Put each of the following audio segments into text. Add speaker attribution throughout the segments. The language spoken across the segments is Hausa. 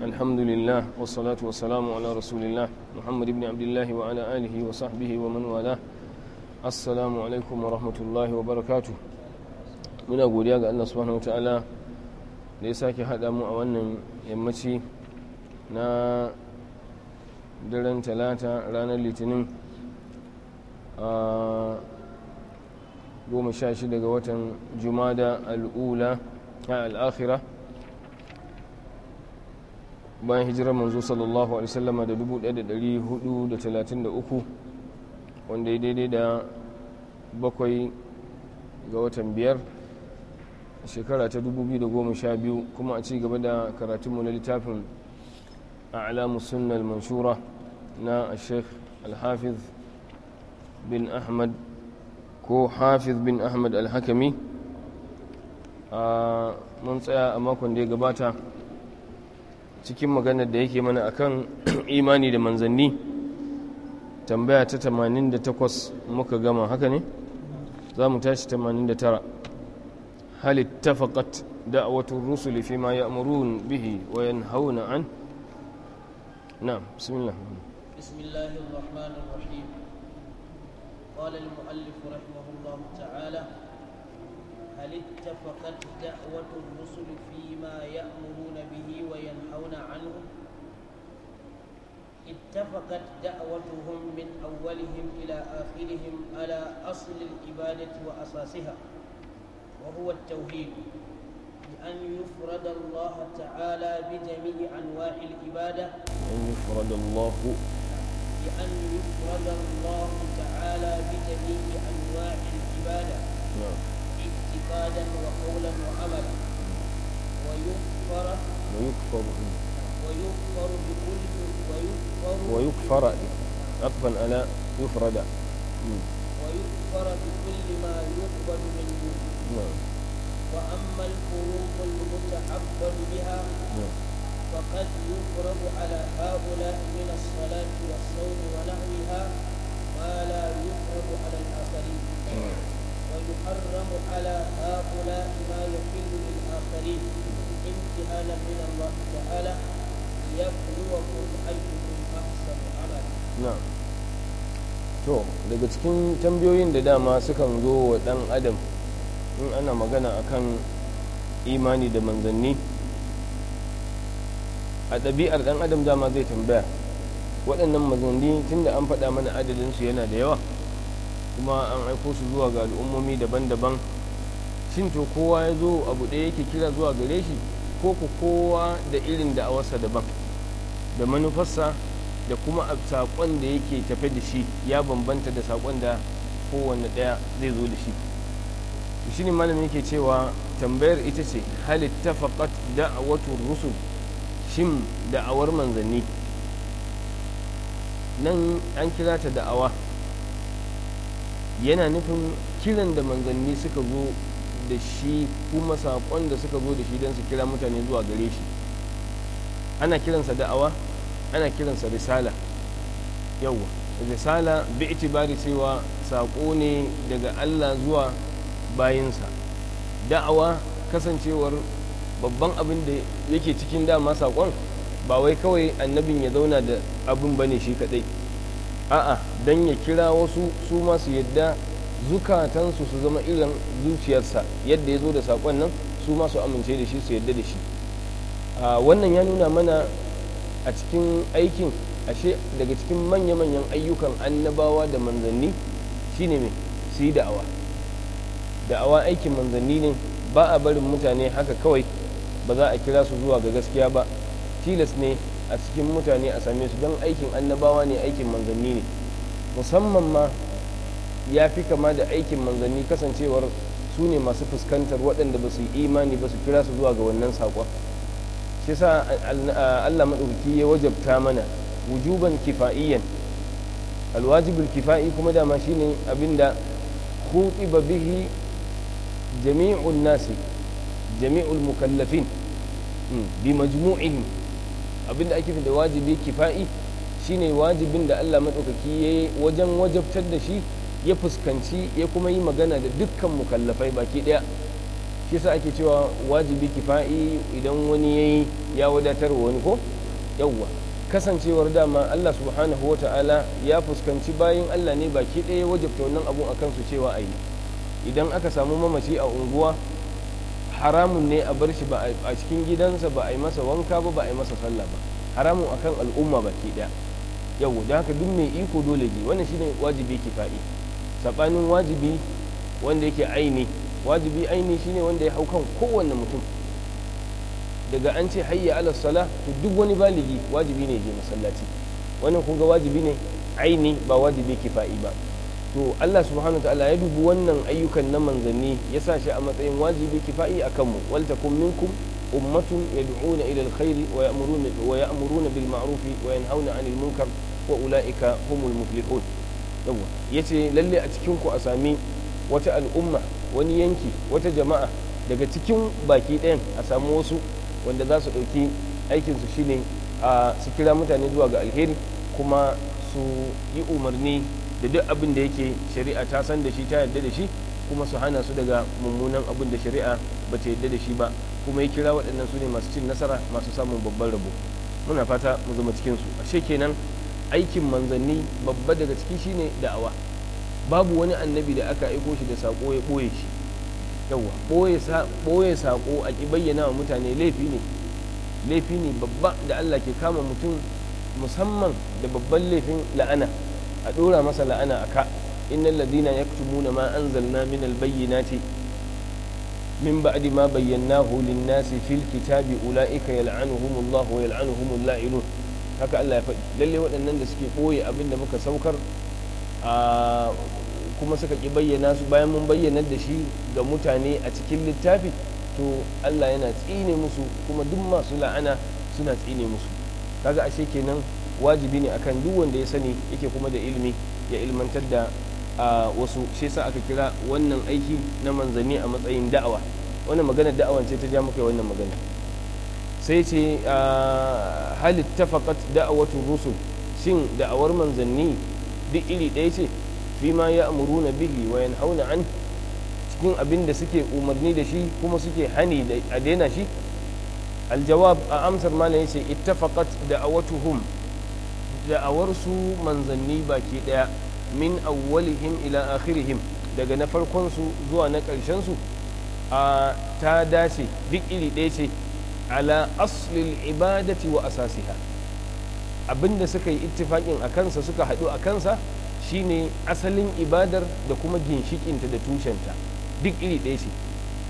Speaker 1: الحمد لله والصلاة والسلام على رسول الله محمد بن عبد الله وعلى آله وصحبه ومن والاه السلام عليكم ورحمة الله وبركاته muna godiya ga Allah subhanahu wa ta'ala da ya sake haɗa mu a wannan yammaci na daren talata ranar litinin a goma sha shida ga watan jumada al'ula a al'akhira bayan hijirar manzo sallallahu alaihi wasallama da 1433 wanda ya daidai da bakwai ga watan biyar shekara ta 2012 kuma a ci gaba da karatunmu na littafin a'lamu sunnal manshura na sheikh alhafiz bin ahmad ko hafiz bin ahmad alhakami a mun tsaya a makon da ya gabata cikin maganar da yake mana akan imani da manzanni tambaya ta 88 muka gama haka ne za mu tashi 89 hal ittafaqat da'watu rusuli fi ma ya'murun bihi wa yanhauna an na'am bismillah bismillahir
Speaker 2: rahmanir rahim qala al هل اتفقت دعوة الرسل فيما يأمرون به ينهون عنه اتفقت دعوتهم من أولهم إلى آخرهم على أصل العبادة وأساسها وهو التوحيد بأن يفرد الله تعالى بجميع أنواع العبادة
Speaker 1: ان يفرد الله
Speaker 2: بأن يفرد الله تعالى بجميع أنواع العبادة نعم. اعتقادا وقولا ويكفر ويكفر ويكفر
Speaker 1: عطفا على يفرد
Speaker 2: ويكفر بكل ما يقبل منه نعم وأما الفروق المتعبد بها نعم فقد يفرض على هؤلاء من الصلاة والصوم ونحوها ما لا يفرض على الآخرين نعم. ويحرم على هؤلاء ما يحل للآخرين
Speaker 1: to daga cikin tambayoyin da dama sukan zo wa dan adam in ana magana akan imani da manzanni a ɗabi'ar dan adam dama zai tambaya waɗannan manzanni tunda an faɗa mana adadinsu yana da yawa kuma an aiko su zuwa ga al'ummomi daban-daban shin kowa ya zo abu ɗaya yake kira zuwa gare shi ko ku kowa da irin da'awarsa daban da manufarsa da kuma a saƙon da yake tafe da shi ya bambanta da saƙon da kowanne ɗaya zai zo da shi shi ne malamin yake cewa tambayar ita ce halitta faƙat wato rusu shin da'awar manzanni nan an kira ta da'awa yana nufin kiran da manzanni suka zo da shi kuma saƙon da suka zo da shi don su kira mutane zuwa gare shi ana kiransa da'awa ana kiransa risala yawwa risala bi itibari cewa saƙo ne daga allah zuwa bayinsa da'awa kasancewar babban abin da yake cikin dama saƙon ba wai kawai annabin ya zauna da abin bane shi kaɗai a'a don ya kira wasu su masu yadda zukatansu su zama irin zuciyarsa yadda ya zo da saƙon nan su masu amince da shi su yadda da shi wannan ya nuna mana a cikin aikin ashe daga cikin manya-manyan ayyukan annabawa da manzanni shine mai su yi da'awa da'awa aikin manzanni ne ba a barin mutane haka kawai ba za a kira su zuwa ga gaskiya ba tilas ne a cikin mutane a same su don aikin annabawa ne aikin manzanni ne musamman ma ya fi kama da aikin manzanni kasancewar su ne masu fuskantar waɗanda ba su yi imani ba su kira su zuwa ga wannan saƙon shi sa allah maɗauki ya wajabta mana wujuban kifa'iyyan alwajibul kifa'i kuma dama shine abinda ba bihi jami'un nasi jami'ul mukallafin hmm, bi majmu'ihim abinda ake fi da wajibi kifa'i shine wajibin da allah maɗaukaki ya wajen wajabtar da shi ya fuskanci ya kuma yi magana da dukkan mukallafai baki daya shi sa ake cewa wajibi kifa'i idan wani ya yi ya wadatar wa wani ko yawwa kasancewar dama Allah subhanahu ta'ala ya fuskanci bayan Allah ne baki daya wajabta wannan abun akan su cewa a yi idan aka samu mamaci a unguwa haramun ne a bar shi a cikin gidansa ba a yi masa wanka ba ba a yi masa sallah ba haramun akan al'umma baki daya yau da haka duk mai iko dole ji wannan shine wajibi kifa'i saɓanin wajibi wanda yake aini wajibi aini shine wanda ya hau kan kowanne mutum daga an ce hayya ala sala to duk wani baligi wajibi ne je masallaci wannan kun ga wajibi ne aini ba wajibi kifa'i ba to Allah subhanahu ta'ala ya dubi wannan ayyukan na manzanni ya sa shi a matsayin wajibi kifa'i a mu wal takum minkum ummatun yad'una ila alkhair wa ya'muruna wa ya'muruna bil ma'ruf wa yanhauna 'anil munkar wa ulaika humul muflihun yawa ya ce lalle a cikinku a sami wata al'umma wani yanki wata jama'a daga cikin baki ɗayan a samu wasu wanda za su ɗauki aikinsu shine a su kira mutane zuwa ga alheri kuma su yi umarni da duk abin da yake shari'a ta san da shi ta yarda da shi kuma su hana su daga mummunan abin da shari'a ba ta yarda da shi ba kuma ya kira waɗannan su ne masu cin nasara masu samun babban rabo muna fata mu zama cikinsu ashe kenan aikin manzanni babba daga ciki shine da'awa babu wani annabi da aka aiko shi da sako ya ɓoye shi yawa ɓoye sako a ki bayyana wa mutane laifi ne laifi ne babba da allah ke kama mutum musamman da babban laifin la'ana a ɗora masa la'ana a ka innal ladina muna ma an anzalna min ce min ba'di ma bayyana lin-nasi fil kitabi ulaika yal'anuhumullahu yal'anuhumullahu yal'anuhumul haka Allah ya faɗi lalle waɗannan da suke ɓoye abin da muka saukar a kuma suka ƙi bayyana su bayan mun bayyana da shi ga mutane a cikin littafi to Allah yana tsine musu kuma duk masu la'ana suna tsine musu kaga ashe kenan wajibi ne akan duk wanda ya sani yake kuma da ilimi ya ilmantar da wasu shi yasa aka kira wannan aiki na manzanni a matsayin da'awa wannan magana da'awan ce ta ja muka wannan magana sai ce ah, hal ittafaqat da'watu rusul shin da'awar manzanni duk iri ɗaya ce fi ma ya'muruna bihi wa yanhauna an cikin abin da suke umarni da shi kuma suke hani da a daina shi aljawab a amsar malam yace ittafaqat da'awatuhum da'awarsu manzanni baki daya min awwalihim ila akhirihim daga na farkon su zuwa na karshen su a ta dace duk iri ɗaya ce ala aslil ibadati wa asasiha abinda suka yi ittifaƙin a kansa suka haɗu a kansa shine asalin ibadar da kuma ginshikinta da tushenta duk iri ɗaya ce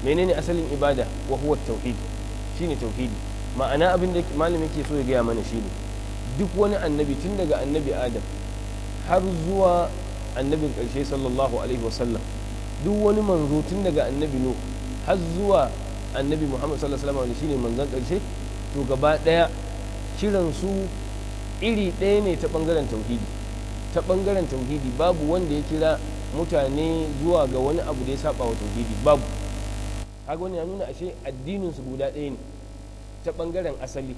Speaker 1: menene asalin ibada wa huwa tauhid shine tauhidi ma'ana abin da malami ke so ya gaya mana shine duk wani annabi tun daga annabi adam har zuwa annabin ƙarshe sallallahu alaihi wasallam duk wani manzo tun daga annabi nuh har zuwa annabi muhammad sallallahu alaihi wasallam shine manzon karshe to gaba daya kiran su iri ɗaya ne ta bangaren tauhidi ta bangaren tauhidi babu wanda ya kira mutane zuwa ga wani abu da ya saba wa tauhidi babu kaga wani ya nuna ashe addinin su guda ɗaya ne ta bangaren asali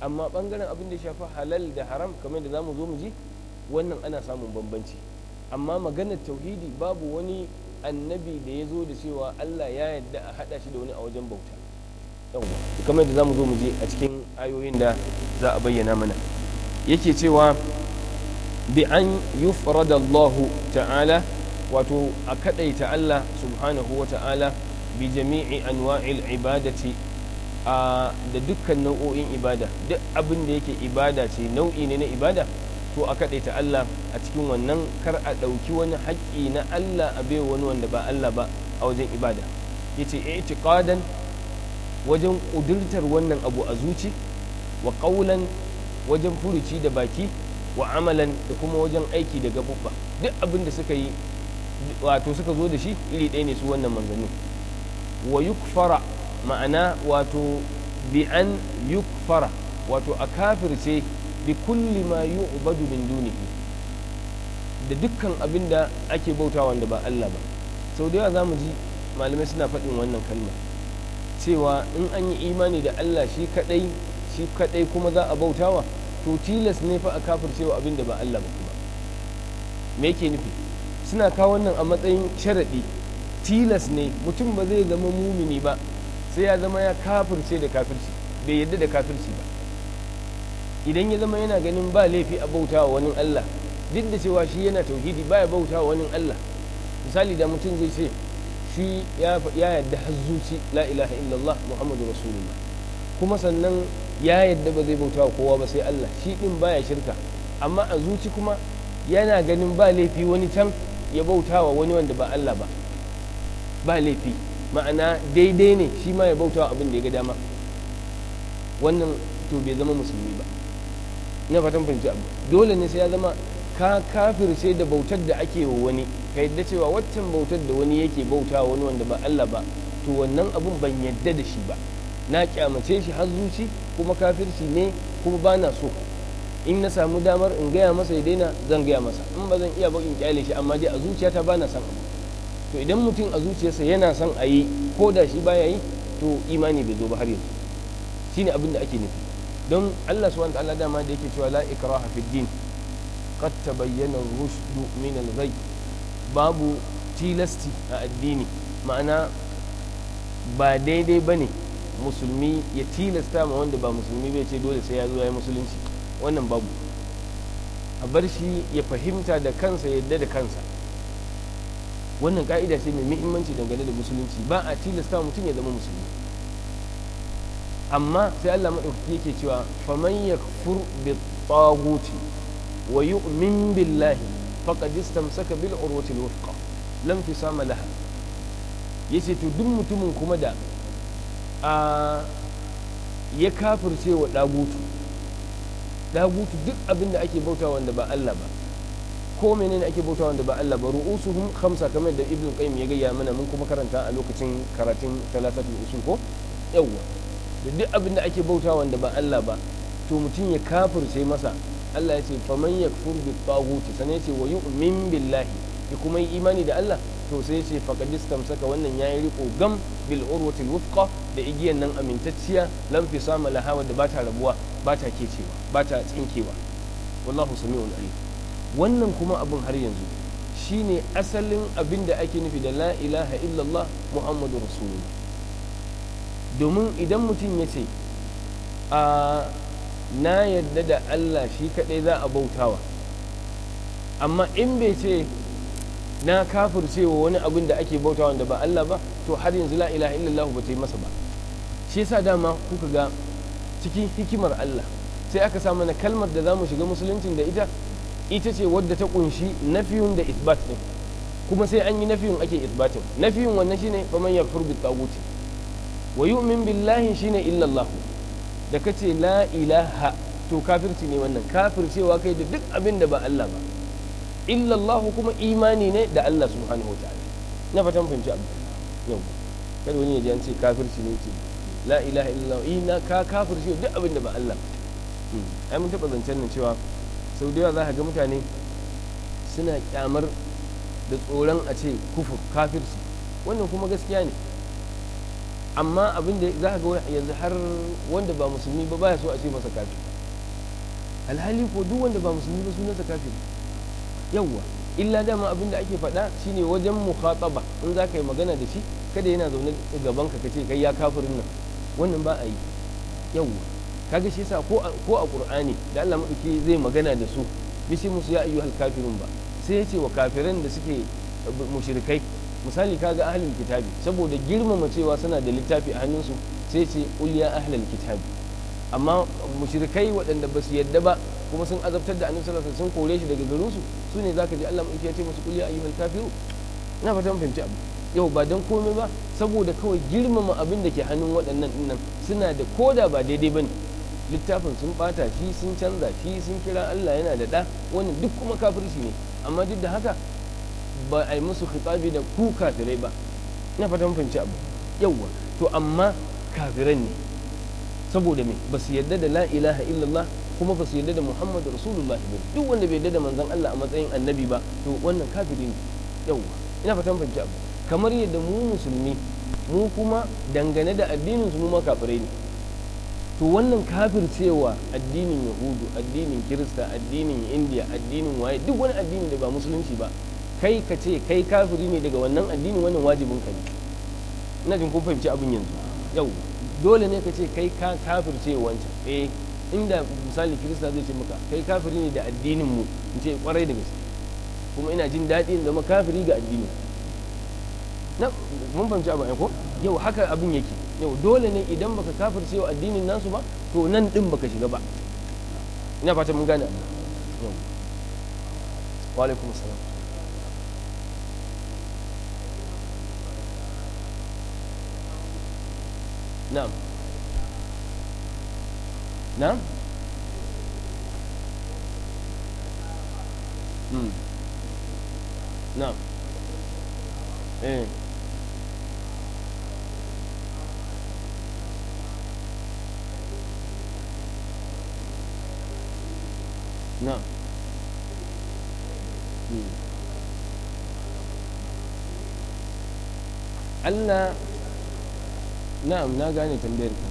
Speaker 1: amma bangaren abin da ya shafa halal da haram kamar da zamu zo mu ji wannan ana samun bambanci amma maganar tauhidi babu wani annabi da ya zo da cewa Allah ya yadda a haɗa shi da wani a wajen bauta kamar da za mu zo mu je a cikin ayoyin da za a bayyana mana yake cewa bi an yufrada Allah ta'ala wato a kaɗaita Allah subhanahu wa ta'ala bi jami'i anwa'il ibadati da dukkan nau'o'in ibada duk abin da yake ibada ce nau'i ne na ibada ko a kaɗaita Allah a cikin wannan kar a ɗauki wani haƙƙi na Allah a bai wani wanda ba Allah ba a wajen ibada yace i'tiqadan wajen ƙudurtar wannan abu a zuci wa ƙaulan wajen furuci da baki wa amalan da kuma wajen aiki da gaɓuɓɓa duk abin da suka yi wato suka zo da shi iri ɗaya ne su wannan manzanni wa yukfara ma'ana wato bi an yukfara wato a kafirce bi kulli ma yu'badu min dunihi da dukkan abinda ake bauta wanda ba Allah ba sau da yawa za mu ji malamai suna faɗin wannan kalma cewa in an yi imani da Allah shi kaɗai shi kaɗai kuma za a bautawa to tilas ne fa a kafircewa abin da ba Allah ba kuma me yake nufi suna kawo wannan a matsayin sharaɗi tilas ne mutum ba zai zama mumini ba sai ya zama ya kafirce da kafirci bai yadda da kafirci ba idan ya zama yana ganin ba laifi a bauta wa wani Allah duk da cewa shi yana tauhidi baya bauta wa wani Allah misali da mutum zai ce shi ya yadda har la ilaha illallah muhammadu rasulullah kuma sannan ya yadda ba zai bauta wa kowa ba sai Allah shi din baya shirka amma a zuci kuma yana ganin ba laifi wani can ya bauta wa wani wanda ba Allah ba ba laifi ma'ana daidai ne shi ma ya bauta wa abin da ya ga dama wannan to bai zama musulmi ba ina fatan fahimci abu dole ne sai ya zama ka kafir sai da bautar da ake wa wani ka yadda cewa waccan bautar da wani yake bauta wani wanda ba Allah ba to wannan abun ban yadda da shi ba na kyamace shi har zuci kuma kafirci ne kuma ba na so in na samu damar in gaya masa ya daina zan gaya masa in ba zan iya ba in kyale shi amma dai a zuciyata ba na son abu to idan mutum a zuciyarsa yana son a yi ko da shi baya yi to imani bai zo ba har yanzu shine abin da ake nufi don Allah wanda ta'ala dama da yake cewa la ikraha fid din qad tabayyana ar-rushd min babu tilasti a addini ma'ana ba daidai bane musulmi ya tilasta ma wanda ba musulmi bai ce dole sai ya zo ya yi musulunci wannan babu a bar shi ya fahimta da kansa yadda da kansa wannan ka'ida ce mai muhimmanci dangane da musulunci ba a tilasta mutum ya zama musulmi amma sai Allah maɗaukaki yake cewa faman kufur bi taguti wa yu'min billahi faqad istamsaka bil urwati al wuthqa lam fisama laha yace to duk mutumin kuma da a ya kafirce wa dagutu dagutu duk abin da ake bauta wanda ba Allah ba ko menene ake bauta wanda ba Allah ba ru'usuhum khamsa kamar da ibnu qayyim ya gaya mana mun kuma karanta a lokacin karatun talatatul usul ko yawwa da duk abin da ake bauta wanda ba Allah ba to mutum ya sai masa Allah ya ce faman yakfur bi taguti sanan ya ce wa yu'min billahi ya kuma yi imani da Allah to sai ya ce faqad istamsaka wannan yayi riko gam bil urwati wufqa da igiyan nan amintacciya lam fi sama laha da ba ta rabuwa ba ta kecewa ba ta tsinkewa wallahu sami'un alim wannan kuma abin har yanzu shine asalin abin da ake nufi da la ilaha illallah muhammadu rasulullah domin idan mutum ya ce a na yadda da Allah shi kaɗai za a bautawa amma in bai ce na cewa wani abin da ake bautawa da ba Allah ba to har yanzu la ilaha illallah ba ta yi masa ba shi yasa dama kuka ga cikin hikimar Allah sai aka sa mana kalmar da za mu shiga musuluncin da ita ita ce wadda ta kunshi nafiyun da isbat din kuma sai an yi nafiyun ake isbatin nafiyun wannan shine faman yafur bi taguti wa yu'min billahi shine illallahu da kace la ilaha to kafirci ne wannan kafircewa kai da duk abin da ba Allah ba illallahu kuma imani ne da Allah subhanahu wataala na fatan fahimci abu yau kada wani ya ji an ce kafirci ne ce la ilaha illallah ina eh, ka kafirce duk abin da ba Allah ba hmm, ai mun taba zancen nan cewa sau da yawa za ka ga mutane suna kyamar da tsoron a ce kufur kafirci wannan kuma gaskiya ne amma abin da za ga yanzu har wanda ba musulmi ba baya so a ce masa kafin alhali ko duk wanda ba musulmi ba sunansa kafiri yawwa illa dama abin da ake faɗa shine wajen mukhataba in za ka yi magana da shi kada yana zaune gaban ka kace kai ya kafirin nan wannan ba a yi yawwa kaga shi yasa ko ko a qur'ani da Allah madauki zai magana da su bishi musu ya ayyuhal kafirun ba sai ya ce wa kafiran da suke mushrikai misali kaga ahlul kitabi saboda girmama cewa suna da littafi a hannunsu sai ce uliya ahlul kitabi amma mushrikai waɗanda ba su yadda ba kuma sun azabtar da annabi sallallahu alaihi sun kore shi daga garin su su ne zaka ji Allah mu ya ce musu uliya ayyuhal kafiru ina fatan fahimci abu yau ba dan komai ba saboda kawai girmama abin da ke hannun waɗannan dinnan suna da koda ba daidai bane littafin sun bata shi sun canza shi sun kira Allah yana da ɗa wannan duk kuma kafirci ne amma duk da haka ba a yi musu khitabi da ku kafirai ba ina fatan fahimci abu yawwa to amma kafiran ne saboda me ba su yadda da la ilaha illallah kuma ba su yadda da muhammadu rasulullahi ba duk wanda bai yadda da manzon Allah a matsayin annabi ba to wannan kafiri ne yawwa ina fatan fahimci abu kamar yadda mu musulmi mu kuma dangane da addinin su mu ma kafirai ne to wannan kafircewa addinin yahudu addinin kirista addinin indiya addinin waye duk wani addini da ba musulunci ba kai ka ce kai kafiri ne daga wannan addinin wannan wajibin ka ne ina jin kun fahimci abin yanzu yau dole ne ka ce kai ka kafirce wancan eh inda misali kirista zai ce maka kai kafiri ne da addinin mu in ce kwarai da gaske kuma ina jin daɗi in zama kafiri ga addini na mun fahimci abin ko yau haka abin yake yau dole ne idan baka kafirce wa addinin nasu ba to nan din baka shiga ba ina fata mun gane yau wa alaikum assalam نعم نعم مم. نعم ايه نعم ألا na'am na gane tambayar ka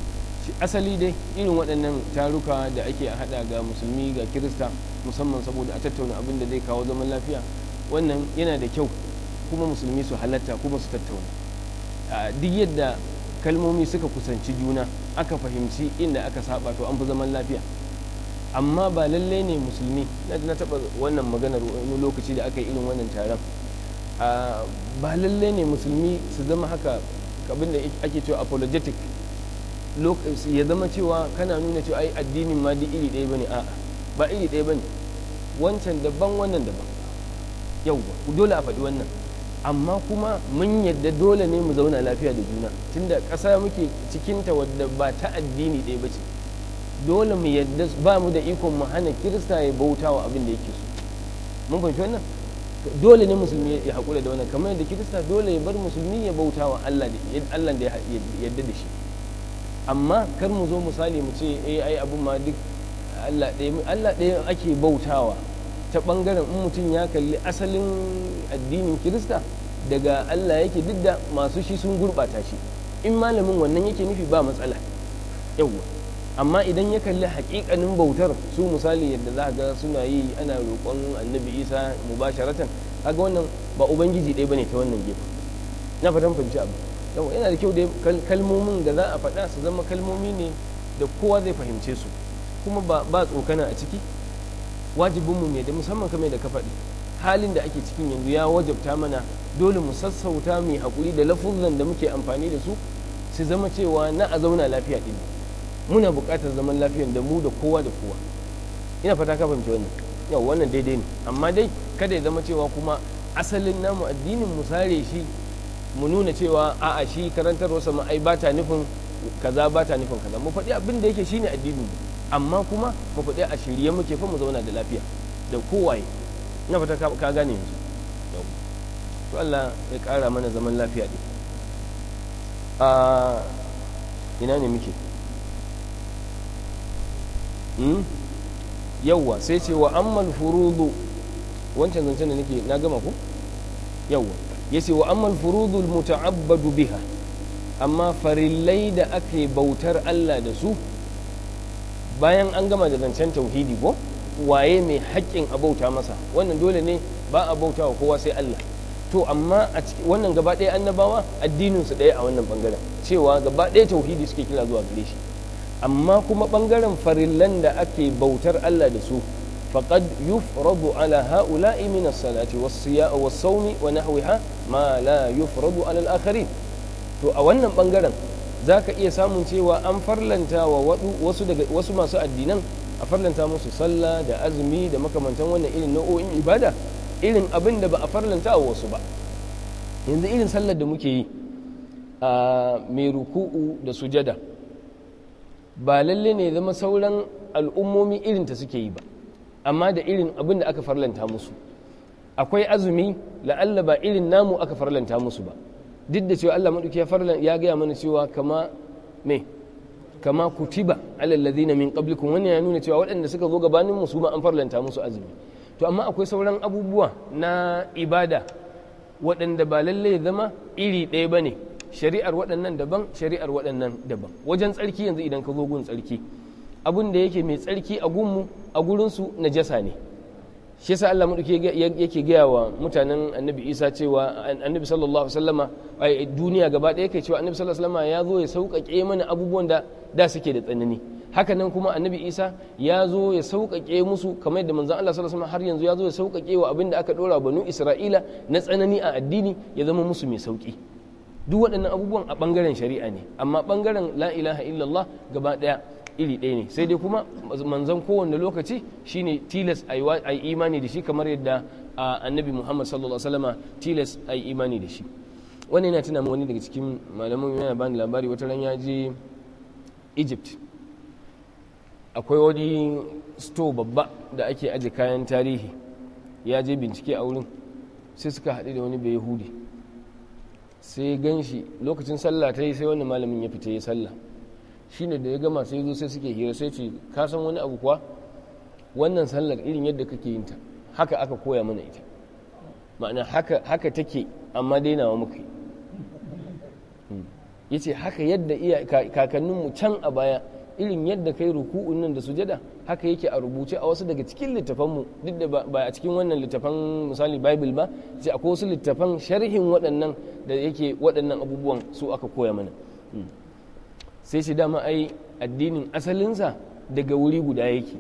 Speaker 1: asali dai irin waɗannan taruka da ake haɗa ga musulmi ga kirista musamman saboda a tattauna abin da zai kawo zaman lafiya wannan yana da kyau kuma musulmi su halatta kuma su tattauna duk yadda kalmomi suka kusanci juna aka fahimci inda aka saba to an fi zaman lafiya amma ba lallai ne musulmi na taɓa wannan maganar wani lokaci da aka yi irin wannan taron ba lallai ne musulmi su zama haka abin da ake cewa apologetic ya zama cewa kana nuna cewa ai addinin ma duk iri ɗaya bane a'a ba iri ɗaya bane wancan daban wannan daban yauwa dole a faɗi wannan amma kuma mun yadda dole ne mu zauna lafiya da juna tunda ƙasa muke cikinta wadda ba ta addini ɗaya ba ce dole mu yadda ba mu da ikon mu hana kirista ya bauta wa abin da yake so mun fahimci wannan dole ne musulmi ya haƙura da wannan kamar yadda kirista dole ya bar musulmi ya bauta wa Allah ne Allah da yadda da shi amma kar mu zo misali mu ce eh ai abun ma duk Allah ɗaya Allah ɗaya ake bautawa ta bangaren in mutum ya kalli asalin addinin kirista daga Allah yake duk da masu shi sun gurɓata shi in malamin wannan yake nufi ba matsala yawwa amma idan ya kalli hakikanin bautar su misali yadda za ga suna yi ana roƙon annabi isa mubasharatan kaga wannan ba ubangiji ɗaya bane ta wannan gefe na fatan fahimci abu yawa yana da kyau da kalmomin da za a faɗa su zama kalmomi ne da kowa zai fahimce su kuma ba tsokana a ciki wajibinmu ne da musamman kamar da ka faɗi halin da ake cikin yanzu ya wajabta mana dole mu sassauta mai haƙuri da lafuzan da muke amfani da su su zama cewa na a zauna lafiya ɗin muna buƙatar zaman lafiyar da mu da kowa da kowa ina fata ka fahimci wannan yau wannan daidai ne amma dai kada ya zama cewa kuma asalin namu addinin mu sare shi mu nuna cewa a'a shi karantar wasa ma ai bata nufin kaza bata nufin kaza mu faɗi abin da yake shine addinin amma kuma mu faɗi a shirye muke fa mu zauna da lafiya da kowaye ina fata ka gane yanzu to Allah ya ƙara mana zaman lafiya ɗin ah, ina ne muke Hmm? yawwa sai ce wa ammal furudu wancan zancen da nake na gama ku yawwa ya ce wa ammal furudu muta'abbadu biha amma farillai da ake bautar Allah da su bayan an gama da zancen tauhidi ko waye mai haƙƙin abauta masa wannan dole ne ba a bauta wa kowa sai Allah to amma a wannan gaba ɗaya annabawa addininsu ɗaya a wannan bangaren cewa gaba ɗaya tauhidi suke kira zuwa gare shi amma kuma ɓangaren farillan da ake bautar Allah da su faƙad yufradu ala ha'ula'i min as-salati was-siya'i wa nahwiha ma la yufradu ala al to a wannan ɓangaren zaka iya samun cewa an farlanta wa wasu daga masu addinan a farlanta musu sallah da azumi da makamantan wannan irin nau'o'in ibada irin abin da ba a farlanta a wasu ba yanzu irin sallar da muke yi a mai ruku'u da sujada ba lalle ne zama sauran al'ummomi irinta suke yi ba amma da irin abin da aka farlanta musu akwai azumi la'alla ba irin namu aka farlanta musu ba duk da cewa Allah maɗauki ya gaya mana cewa kama me kama kutiba alal na min qablikum wannan ya nuna cewa waɗanda suka zo gabanin musu ma an farlanta musu azumi to amma akwai sauran abubuwa na ibada waɗanda ba lalle zama iri ɗaya bane shari'ar waɗannan daban shari'ar waɗannan daban wajen tsarki yanzu idan ka zo gun tsarki abin da yake mai tsarki a gunmu a gurinsu najasa ne shi yasa Allah muduke yake gaya wa mutanen annabi Isa cewa annabi sallallahu alaihi wasallama ai duniya gaba ɗaya kai cewa annabi sallallahu alaihi wasallama ya zo ya sauƙaƙe mana abubuwan da da suke da tsanani haka nan kuma annabi Isa ya zo ya sauƙaƙe musu kamar yadda manzon Allah sallallahu alaihi har yanzu ya zo ya sauƙaƙe wa abin da aka dora banu Isra'ila na tsanani a addini ya zama musu mai sauƙi duk waɗannan abubuwan a ɓangaren shari'a ne amma ɓangaren la ilaha illallah gaba ɗaya iri ɗaya ne sai dai kuma manzon kowanne lokaci shine tilas a yi imani da shi kamar yadda annabi muhammad sallallahu alaihi wasallama tilas a yi imani da shi wani yana tuna wani daga cikin malamin yana bani labari wata ran ya je egypt akwai wani store babba da ake aje kayan tarihi ya je bincike a wurin sai suka haɗu da wani bai hudu. sai gan shi lokacin sallah ta yi sai wani malamin ya fita ya sallah shi ne da ya gama sai zo sai suke hira sai ce ka wani abu kuwa wannan sallar irin yadda kake yin haka aka koya mana ita ma'ana haka take amma wa muka yi hmm. ce haka yadda iya kakanninmu can a baya irin yadda kai ruku'un nan da sujada haka yake a rubuce a wasu daga cikin littafanmu duk da ba a cikin wannan littafan misali bible ba sai akwai wasu littafan sharhin waɗannan da yake waɗannan abubuwan su aka koya mana hmm. sai shi dama ai addinin asalinsa daga wuri guda yake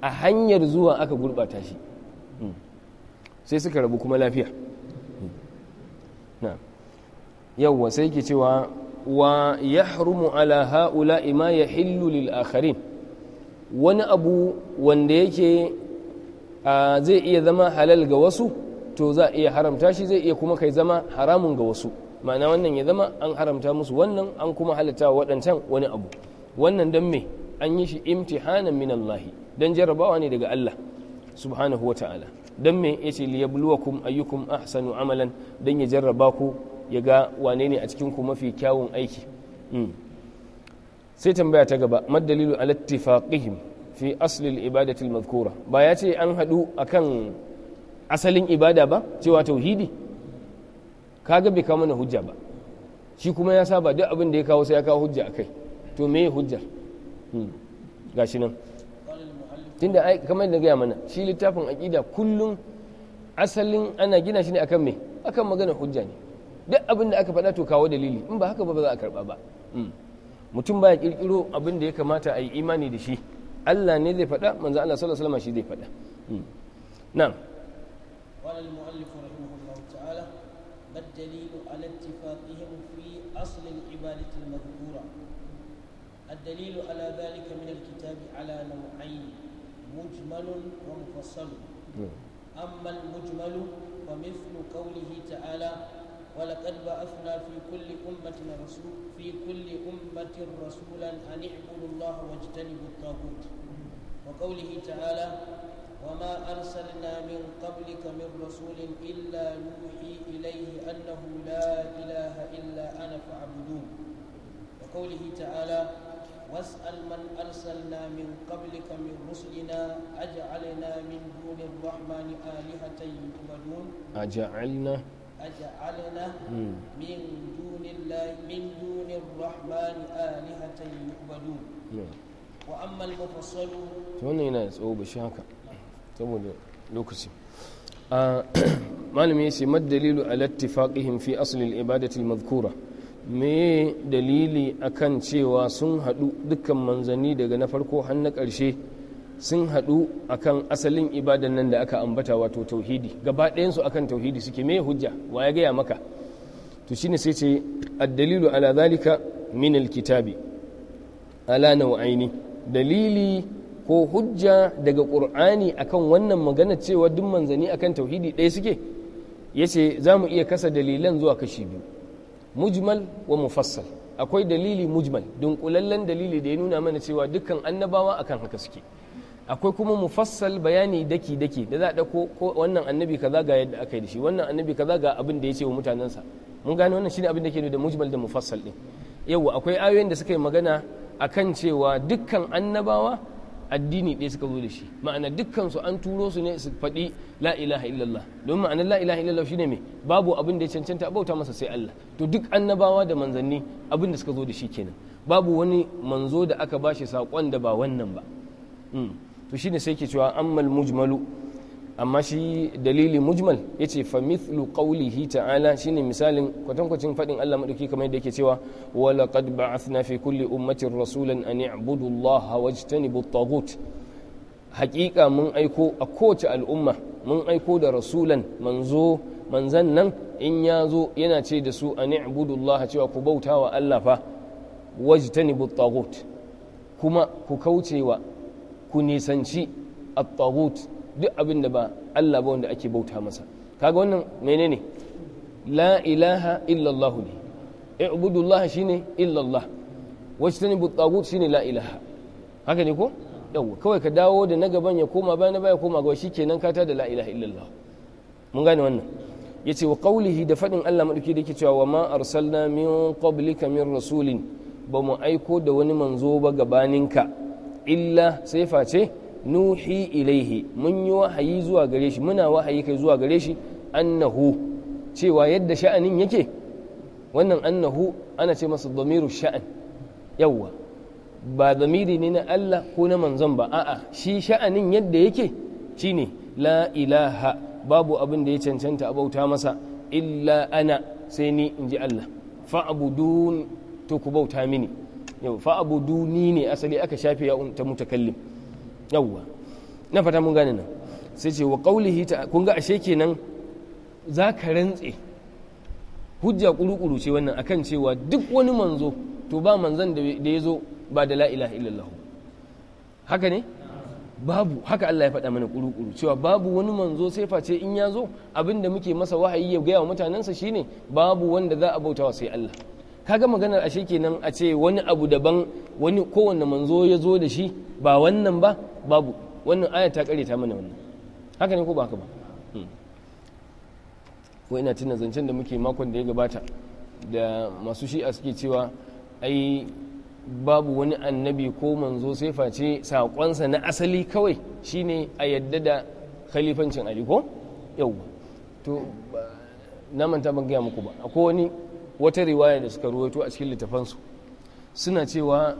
Speaker 1: a hanyar zuwa aka gurɓata shi hmm. sai suka rabu kuma lafiya hmm. yawwa sai ke cewa wa ya harumu ala ha'ula ima ya hillu lil akharin wani abu wanda yake zai iya zama halal ga wasu to za a iya haramta shi zai iya kuma kai zama haramun ga wasu ma'ana wannan ya zama an haramta musu wannan an kuma halatta waɗancan wani abu wannan don me an yi shi imtihanan min Allah don jarrabawa ne daga Allah subhanahu wa ta'ala don me ya ce liyabluwakum ayyukum ahsanu amalan don ya jarraba ku ya ga wane ne a cikin ku mafi kyawun aiki hmm. sai tambaya ta gaba madalilu alattifaqihim fi asli al-ibadati al-madhkura ba ya ce an hadu akan asalin ibada ba cewa tauhidi kaga bai kawo mana hujja ba shi kuma ya saba duk abin da ya kawo sai ya kawo hujja akai to me hujjar hmm. gashi nan tunda ai kamar da gaya mana shi littafin aqida kullun asalin ana gina shi ne akan me akan magana hujja ne duk abin da aka faɗa to kawo dalili in ba haka ba ba za a karba ba hmm. mutum baya kirkiro abinda ya kamata a yi imani da shi allah ne zai faɗa manzo allah sallallahu alaihi wasallam shi zai faɗa hmm. nan
Speaker 2: ala ittifaqihim fi asl al ibadati al madhkura ad dalil hmm. ta'ala ولقد بعثنا في كل أمة رسول في كل أمة رسولا أن اعبدوا الله واجتنبوا الطاغوت وقوله تعالى وما أرسلنا من قبلك من رسول إلا نوحي إليه أنه لا إله إلا أنا فاعبدون وقوله تعالى واسأل من أرسلنا من قبلك من رسلنا أجعلنا من دون الرحمن آلهة يعبدون
Speaker 1: أجعلنا
Speaker 2: أجعلنا من دون الله من دون الرحمن آلهة يعبدون وأما المفصل
Speaker 1: تونا هنا صعوبة شاكا saboda lokaci malami yace mad dalilu ala ittifaqihim fi asli al-ibadati me dalili akan cewa sun hadu dukkan manzanni daga na farko har na ƙarshe sun haɗu akan asalin ibadan nan da aka ambata wato tauhidi gaba ɗayansu akan tauhidi suke mai hujja wa ya gaya maka to shine sai ce addalilu ala zalika min alkitabi ala nau'aini dalili ko hujja daga qur'ani akan wannan magana cewa duk manzani akan tauhidi ɗaya suke yace za mu iya kasa dalilan zuwa kashi biyu mujmal wa mufassal akwai dalili mujmal dunkulallen dalili da ya nuna mana cewa dukkan annabawa akan haka suke akwai kuma mufassal bayani daki daki da za ko wannan annabi kaza ga yadda aka yi da shi wannan annabi kaza ga abin da ya ce wa mutanensa mun gane wannan shine abin da ke da mujmal da mufassal din yawa akwai ayoyin da suka yi magana akan cewa dukkan annabawa addini ɗaya suka zo da shi ma'ana dukkan su an turo su ne su faɗi la ilaha illallah don ma'anar la ilaha illallah shine me babu abin da ya cancanta bauta masa sai Allah to duk annabawa da manzanni abin da suka zo da shi kenan babu wani manzo da aka bashi saƙon da ba wannan ba hmm. to shine sai ke cewa ammal mujmalu amma shi dalili mujmal yace fa mithlu qawlihi ta'ala shine misalin kwatankwacin fadin Allah madauki kamar yadda yake cewa wa laqad ba'athna fi kulli ummatin rasulan an i'budu Allah wajtanibu at-taghut haƙiƙa mun aiko a kowace al'umma mun aiko da rasulan manzo manzan nan in ya zo yana ce da su an i'budu Allah cewa ku bautawa Allah fa wajtanibu at-taghut kuma ku kaucewa ku nisanci at-taghut duk abin da ba Allah ba wanda ake bauta masa kaga wannan menene la ilaha illa Allah ne i'budu Allah shine illa Allah tani at-taghut shine la ilaha haka ne ko yawa kawai ka dawo da na gaban ya koma bayan baya koma gaba shikenan ka ta da la ilaha illa Allah mun gane wannan yace wa qawlihi da fadin Allah madauki da yake cewa wa ma arsalna min qablika min rasulin ba mu aiko da wani manzo ba gabaninka illa sai face nuhi ilaihi mun yi wahayi zuwa gare shi muna wahayi kai zuwa gare shi annahu cewa yadda sha'anin yake wannan annahu ana ce masa damiru sha'an yawwa ba damiri ne na Allah ko na manzon ba a'a shi sha'anin yadda yake shine la ilaha babu abin da ya cancanta abauta masa illa ana sai ni in ji Allah fa'budun to ku bauta mini yau fa'abudu ni ne asali aka shafe ya ta mutakallim yawwa na fata mun gane nan sai ce wa qaulihi ta kun ga ashe kenan za ka rantse hujja kurukuru ce wannan akan cewa duk wani manzo to ba manzan da ya zo ba da la ilaha illallah haka ne babu haka Allah ya faɗa mana kurukuru cewa babu wani manzo sai face in ya zo abinda muke masa wahayi ya gaya wa mutanensa shine babu wanda za a bautawa sai Allah kaga maganar ashe kenan a ce wani abu daban wani kowanne manzo ya zo da shi ba wannan ba babu wannan aya ta kare ta mana wannan haka ne ko ba haka ba hmm. ko ina tuna zancen da muke makon da ya gabata da masu shi'a suke cewa ai babu wani annabi ko manzo sai face sakonsa na asali kawai shine a yadda da khalifancin ali ko yau to na manta ban gaya muku ba akwai wani wata riwaya da suka ruwaito a cikin littafansu suna cewa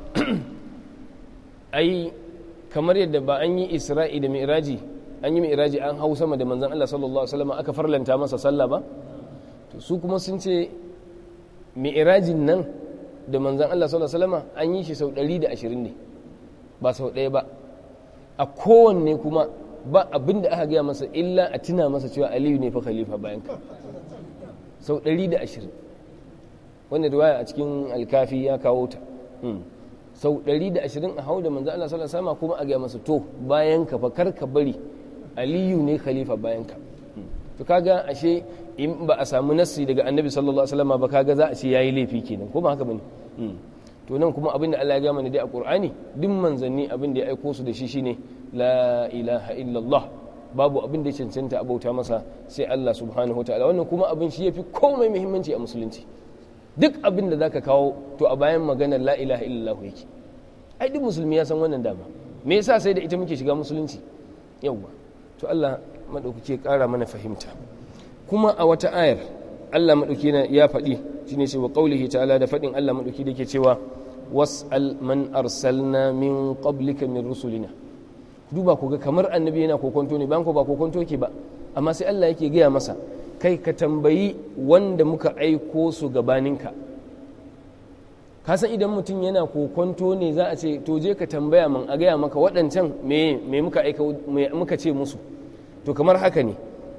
Speaker 1: ai kamar yadda ba an yi isra'i da mi'raji an yi mi'raji an hau sama da manzan Allah sallallahu alaihi wasallam aka farlanta masa sallah ba to su kuma sun ce mi'rajin nan da manzan Allah sallallahu alaihi wasallam an yi shi sau 120 ne ba sau ɗaya ba a kowanne kuma ba abin da aka gaya masa illa a tuna masa cewa aliyu ne fa khalifa bayan ka sau 120 wanda riwaya a cikin alkafi ya kawo ta hmm. sau 120 a hau da manzo Allah sallallahu alaihi kuma a ga masa to bayan ka fa kar ka bari aliyu ne khalifa bayan ka hmm. to kaga ashe in ba a samu nasi daga annabi sallallahu alaihi wasallam ba kaga za a ce yayi laifi kenan ko ba haka bane hmm. to nan kuma abin da Allah ya ga mana dai a Qur'ani duk manzanni abin da ya aiko su da shi shine la ilaha illallah babu abin da ya cancanta abauta masa sai Allah subhanahu wataala wannan kuma abin shi yafi komai muhimmanci a musulunci duk abin da zaka kawo to a bayan maganar la ilaha illallah yake ai duk musulmi ya san wannan dama me yasa sai da ita muke shiga musulunci yawwa to Allah madaukake kara mana fahimta kuma a wata ayar Allah madaukake ya faɗi shine cewa qaulihi ta'ala da faɗin Allah da dake cewa was'al man arsalna min qablika min rusulina duba ku ga kamar annabi yana kokonto ne ban ko ba kokonto ke ba amma sai Allah yake gaya masa kai ka tambayi wanda muka aiko su gabaninka kasan idan mutum yana kokonto ne za a ce to je ka tambaya man a gaya maka waɗancan me muka ce musu to kamar haka ne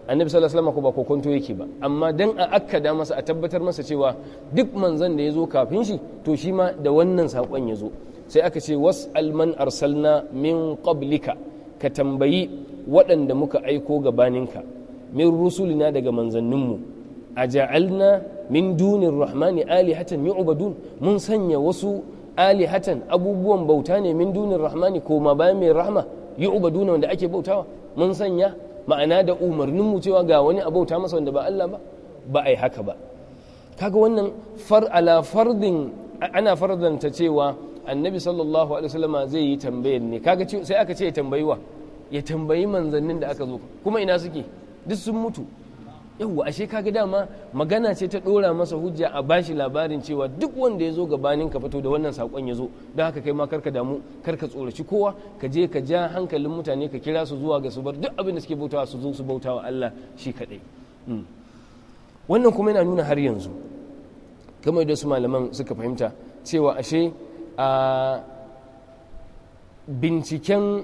Speaker 1: annabi sallallahu alaihi wasallam ba kokonto yake ba amma dan a akkada masa a tabbatar masa cewa duk manzon da ya zo kafin shi to shi ma da wannan sakon ya zo sai aka ce was alman arsalna min qablika ka tambayi waɗanda muka aiko gabaninka min rusulina daga manzanninmu a ja'alna min dunin rahmani alihatan yu'badun mun sanya wasu alihatan abubuwan bauta ne min dunin rahmani koma bayan mai rahma yu'baduna wanda ake bautawa mun sanya ma'ana da umarnin mu cewa ga wani abauta masa wanda ba Allah ba ba ai haka ba kaga wannan far ala fardin ana fardanta cewa annabi sallallahu alaihi wasallama zai yi tambayar ne kaga sai aka ce ya tambayi wa ya tambayi manzannin da aka zo kuma ina suke duk sun mutu yawwa ashe ga dama magana ce ta dora masa hujja a bashi labarin cewa duk wanda ya zo gabanin ka fito da wannan sakon ya zo don haka kai ma karka damu karka tsoraci kowa ka je ka ja hankalin mutane ka kira su zuwa ga su bar duk abin da suke bautawa su zo su bautawa Allah shi kadai hmm. wannan kuma yana nuna har yanzu kamar da su malaman suka fahimta cewa ashe a ah, binciken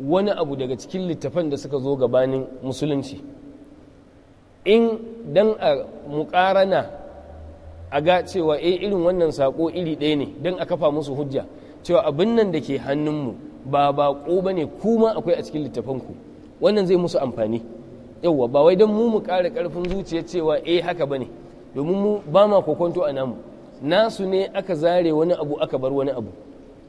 Speaker 1: wani abu daga cikin littafan da suka zo gabanin musulunci in dan a muƙarana a ga cewa e irin wannan sako iri ɗaya ne don a kafa musu hujja cewa abin nan da ke hannunmu ba baƙo ba ne kuma akwai a cikin littafanku wannan zai musu amfani yauwa ba wai don mu mu ƙara ƙarfin zuciya cewa eh haka ba ne domin mu ba ma kokonto a namu nasu ne aka zare wani abu aka bar wani abu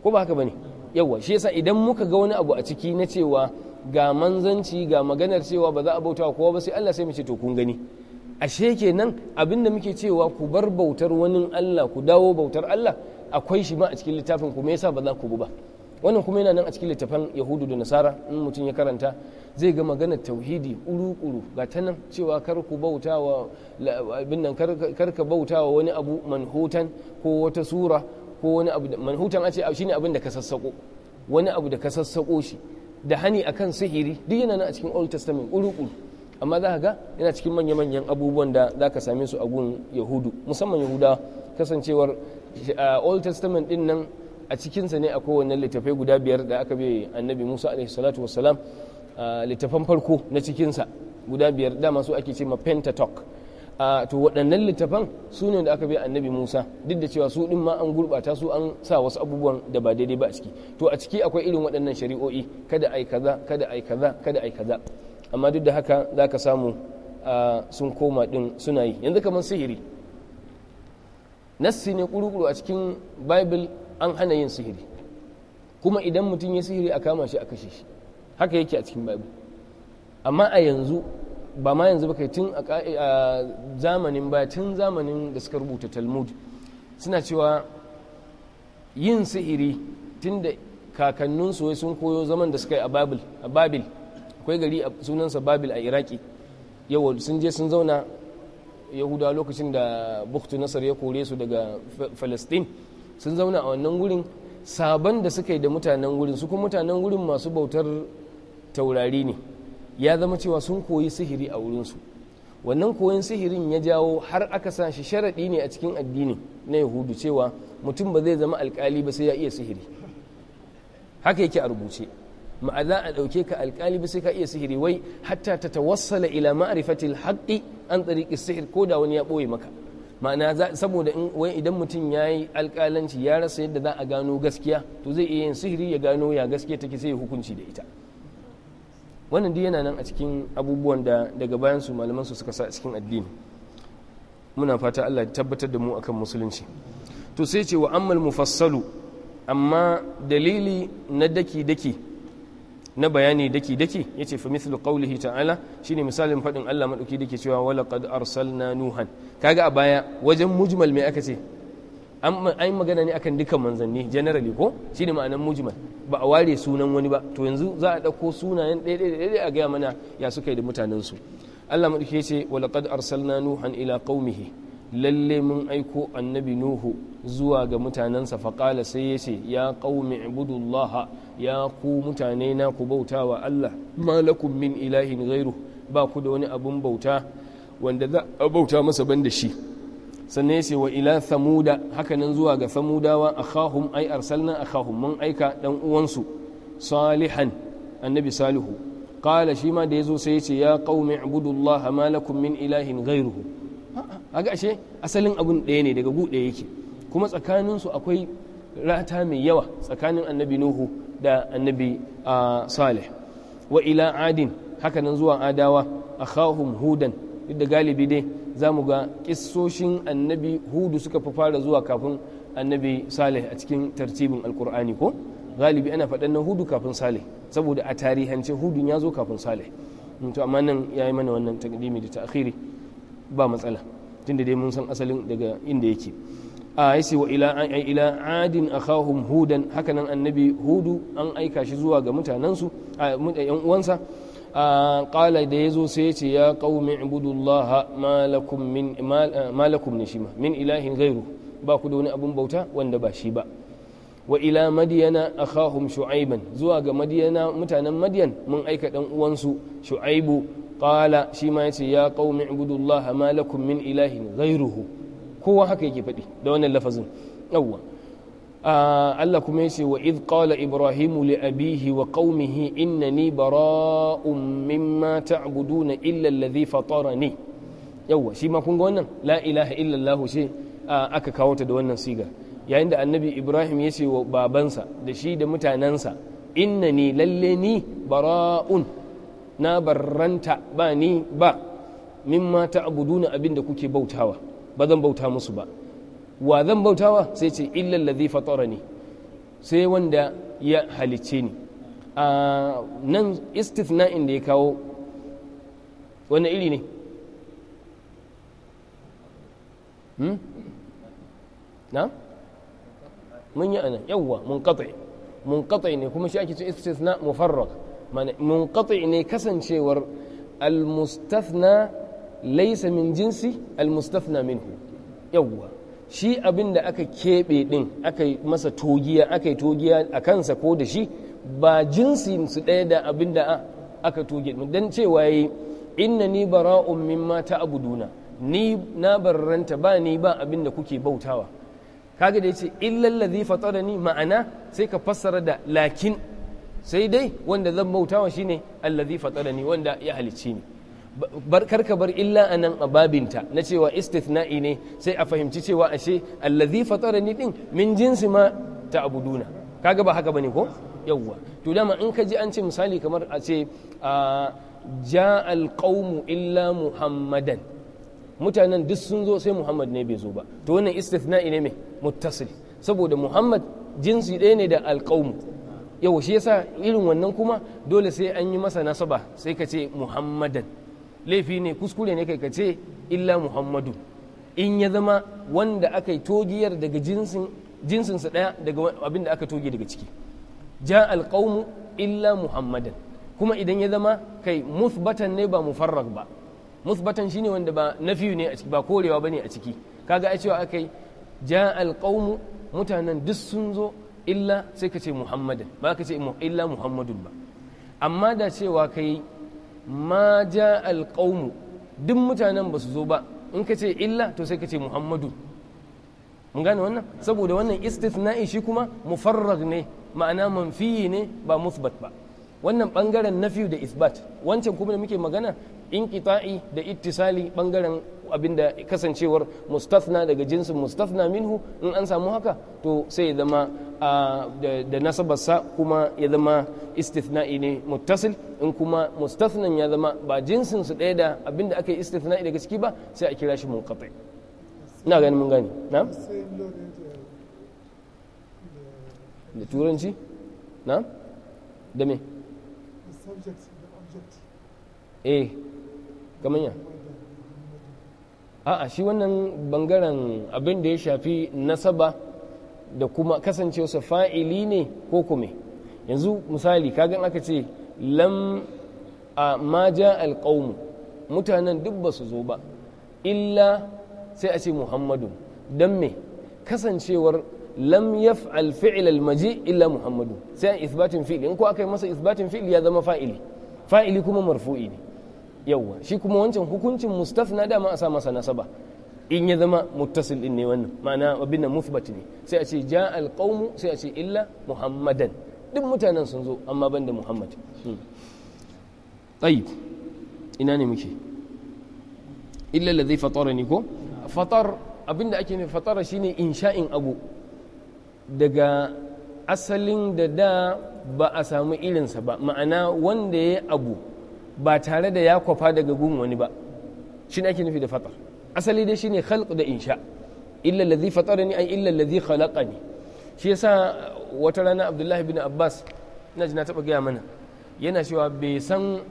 Speaker 1: ko ba haka ba ne yawa shi yasa idan muka ga wani abu a ciki na cewa ga manzanci ga maganar cewa ba za a bauta kowa ba sai Allah sai mu ce to kun gani ashe kenan abinda muke cewa ku bar bautar wani Allah ku dawo bautar Allah akwai shi ma a cikin littafin ku me yasa ba za ku bu ba wannan kuma yana nan a cikin littafin yahudu da nasara in mutum ya karanta zai ga maganar tauhidi uru-uru ga ta nan cewa kar ku bautawa abin nan kar ka bautawa wani abu manhutan ko wata sura ko wani abu da manhutan a ce shi ne abin da ka sassako wani abu da ka sassako shi da hani a kan sihiri duk yana nan a cikin old testament ƙuruƙuru amma za ka ga yana cikin manya-manyan abubuwan da za ka same su a gun yahudu musamman yahuda kasancewar uh, old testament din nan a cikinsa ne akwai wannan littafai guda biyar da aka bi annabi musa alaihi salatu wassalam uh, littafan farko na cikinsa guda biyar dama su ake ce ma pentatok. to waɗannan littafan su ne da aka bi annabi musa duk da cewa su ɗin ma an gurɓata su an sa wasu abubuwan da ba daidai ba a ciki to a ciki akwai irin waɗannan shari'o'i kada ai kaza kada ai kaza kada ai kaza amma duk da haka za ka samu sun koma ɗin suna yi yanzu kamar sihiri nassi ne kuru-kuru a cikin bible an hana yin sihiri kuma idan mutum ya sihiri a kama shi a kashe shi haka yake a cikin bible amma a yanzu ba ma yanzu ba tun a zamanin ba tun zamanin da suka rubuta talmud suna cewa yin sihiri tun da kakannin su sun koyo zaman da suka yi a babil akwai gari a sunansa babil a iraki yawa sun je sun zauna yahudawa lokacin da buktu nasar ya kore su daga falastin sun zauna a wannan gurin sabon da suka yi da mutanen gurin su kuma mutanen gurin masu bautar taurari ne ya zama cewa sun koyi sihiri a wurinsu wannan koyon sihirin ya jawo har aka sa shi sharaɗi ne a cikin addini na yahudu cewa mutum ba zai zama alkali ba sai ya iya sihiri haka yake a rubuce ma'aza a ɗauke ka alkali ba sai ka iya sihiri wai hatta ta tawassala ila ma'arifatil haqqi an tariqis sihir ko da wani ya ɓoye maka ma'ana saboda wai idan mutum ya yi alkalanci ya rasa yadda za a gano gaskiya to zai iya yin sihiri ya gano ya gaskiya take sai ya hukunci da ita wannan duk yana nan a cikin abubuwan da daga bayan su malaman su suka sa a cikin addini muna fata Allah ya tabbatar da mu akan musulunci to sai ce wa ammal mufassalu amma dalili na daki daki na bayani daki daki yace fa mithlu qawlihi ta'ala shine misalin fadin Allah madauki dake cewa wala laqad arsalna nuhan kaga a baya wajen mujmal me aka ce an magana ne akan dukkan manzanni generally ko shi ne ma'anar mujimal ba a ware sunan wani ba to yanzu za a ɗauko sunayen ɗaiɗaiɗaiɗai a gaya mana ya suka yi da mutanensu allah maɗauke ce laqad arsalna nuhan ila qaumihi lalle mun aiko annabi nuhu zuwa ga mutanensa qala sai ya ce ya qaumi ibudullaha ya ku mutane na ku bauta wa allah ma lakum min ilahin ghairu ba ku da wani abun bauta wanda za a bauta masa ban da shi sannan yace wa ila samuda hakanan zuwa ga samudawa akhahum ai arsalna akhahum mun aika dan uwansu salihan annabi salihu qala shi ma da yazo sai yace ya qaumi ibudullaha ma lakum min ilahin ghayruhu aga ashe asalin abun ɗaya ne daga gude yake kuma tsakanin su akwai rata mai yawa tsakanin annabi nuhu da annabi ah, salih wa ila adin hakanan zuwa adawa akhahum hudan duk da galibi dai za mu ga kisoshin annabi hudu suka fi fara zuwa kafin annabi salih a cikin tartibin alkur'ani ko galibi ana faɗan na hudu kafin salih saboda a tarihance hudu ya zo kafin salih mm, to amma nan ya yi mana wannan takdimi da ta'khiri ba matsala tunda dai mun san asalin daga inda yake a yasi wa ila ila adin akhahum hudan hakanan annabi hudu an aika shi zuwa ga mutanansu yan uwansa qala da yazo sai ya ce ya qaumi ibudullah ma lakum min ma min ilahin ghairu ba ku da wani abun bauta wanda ba shi ba wa ila madiyana akhahum shu'aiban zuwa ga madiyana mutanen madiyan mun aika dan uwansu shu'aibu qala shi ma yace ya qaumi ibudullah ma lakum min ilahin ghairuhu kowa haka yake faɗi da wannan lafazin yawwa Allah kuma ya ce wa idh qala ibrahimu li abihi wa qaumihi innani bara'un mimma ta'buduna illa alladhi fatarani yawa shi ma kun ga wannan la ilaha illa Allah ce aka kawo ta da wannan siga yayin da annabi Ibrahim ya ce wa babansa da shi da mutanansa innani lalle ni bara'un na barranta ba ni ba mimma ta'buduna abinda kuke bautawa ba zan bauta musu ba wa zan bautawa sai ce illa illal ladhi ne sai wanda ya halicce ni a nan istithna'in da ya kawo wani iri ne hmm? na mun yi ana yawwa mun katsai mun katsai ne kuma shi ake ce istithna mufarrak mun katsai ne kasancewar almustathna laisa min jinsi almustathna minhu yawwa shi abin da aka keɓe ɗin aka masa togiya aka yi togiya a kansa ko da shi ba jinsi su ɗaya da abin da aka toge don cewa yi inna ni bara'un mata ta abuduna ni na barranta ba ni ba abin da kuke bautawa kaga da yace illal ladhi fatarani ma'ana sai ka fassara da lakin sai dai wanda zan bautawa shine allazi fatarani wanda ya halicce ni ka bar illa a nan a babinta na cewa istithna'i ne sai a fahimci cewa ashe allazi fatara ni din min jinsi ma ta abuduna kaga ba haka bane ko yawwa to dama in ka ji an ce misali kamar a ce ja alqaumu illa muhammadan mutanen duk sun zo sai muhammad ne bai zo ba to wannan istithna'i ne mai muttasil saboda muhammad jinsi ɗaya ne da alqaumu yau shi yasa irin wannan kuma dole sai an yi masa nasaba sai ka ce muhammadan laifi ne kuskure ne kai kace illa muhammadu in ya zama wanda aka yi togiyar daga jinsin su daya daga abin da aka toge daga ciki ja alƙaumu illa muhammadan kuma idan ya zama kai musbatan ne ba mufarrak ba musbatan shine wanda ba nafiyu ne a ciki ba korewa bane a ciki kaga a cewa akai ja alqaumu mutanen duk sun zo illa sai ka ce muhammadan ba ka ce illa muhammadun ba amma da cewa kai ma ja alƙaumu duk mutanen ba su zo ba in ka ce illa to sai ka ce muhammadu mun gane wannan saboda wannan istithna'i shi kuma mufarrag ne ma'ana manfiyi ne ba musbat ba wannan bangaren nafi da isbat wancan kuma da muke magana inqita'i da ittisali bangaren abinda kasancewar mustafna daga jinsin mustafna minhu in an samu haka to sai ya zama da nasabarsa kuma ya zama istithna'i ne muttasil in kuma mustathnan ya zama ba jinsin su ɗaya da abinda aka yi istithna'i daga ciki ba sai a kira shi kafai. ina gani mun gani na da turanci na da me eh kamar ya a'a shi wannan bangaren abin da ya shafi nasaba da kuma kasancewarsa fa'ili ne ko kuma yanzu misali kagan aka ce lam a maja alƙaunu mutanen duk ba su zo ba illa sai a ce muhammadu don me kasancewar lam yaf'al fi'l almaji illa muhammadu sai an isbatin fi'li in ko aka yi masa isbatin fi'li ya zama fa'ili fa'ili kuma marfu'i ne yawwa shi kuma wancan hukuncin mustafna dama a sa masa nasaba in ya zama muttasil din ne wannan ma'ana abin nan muthbat ne sai a ce ja alqaumu sai a ce illa muhammadan duk mutanen sun zo amma banda muhammad hmm. tayyib ina ne muke illa alladhi fatarani ko fatar abinda ake ne fatara shine insha'in abu daga asalin da da ba a samu irinsa ba ma'ana wanda ya abu ba tare da ya kwafa daga gun wani ba shi ake nufi da fatar asali dai shine khalq da insha illa allazi fatarani ay illa allazi khalaqani shi yasa uh, wata rana abdullahi bin abbas ina ji na taba gaya mana yana cewa bai san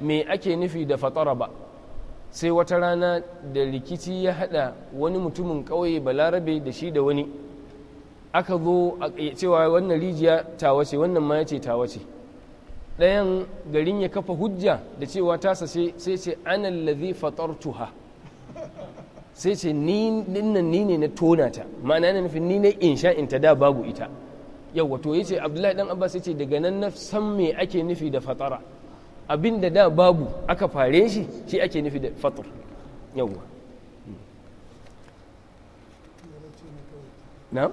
Speaker 1: me ake nufi da fatara ba sai wata rana da rikici ya hada wani mutumin kauye balarabe da shi da wani aka zo a cewa wannan rijiya ta wace wannan ma ya ce tawace ɗayan garin ya kafa hujja da cewa ta tasa sai ce ana lazi fatartuha sai ce ninnan ni ne na tona ta ma'ana na nufin ni ne in ta da babu ita yau wato ya ce abdullahi dan abbas ya ce daga nan na san me ake nufi da fatara abin da da babu aka fare shi shi ake nufi da fatar yauwa hmm. na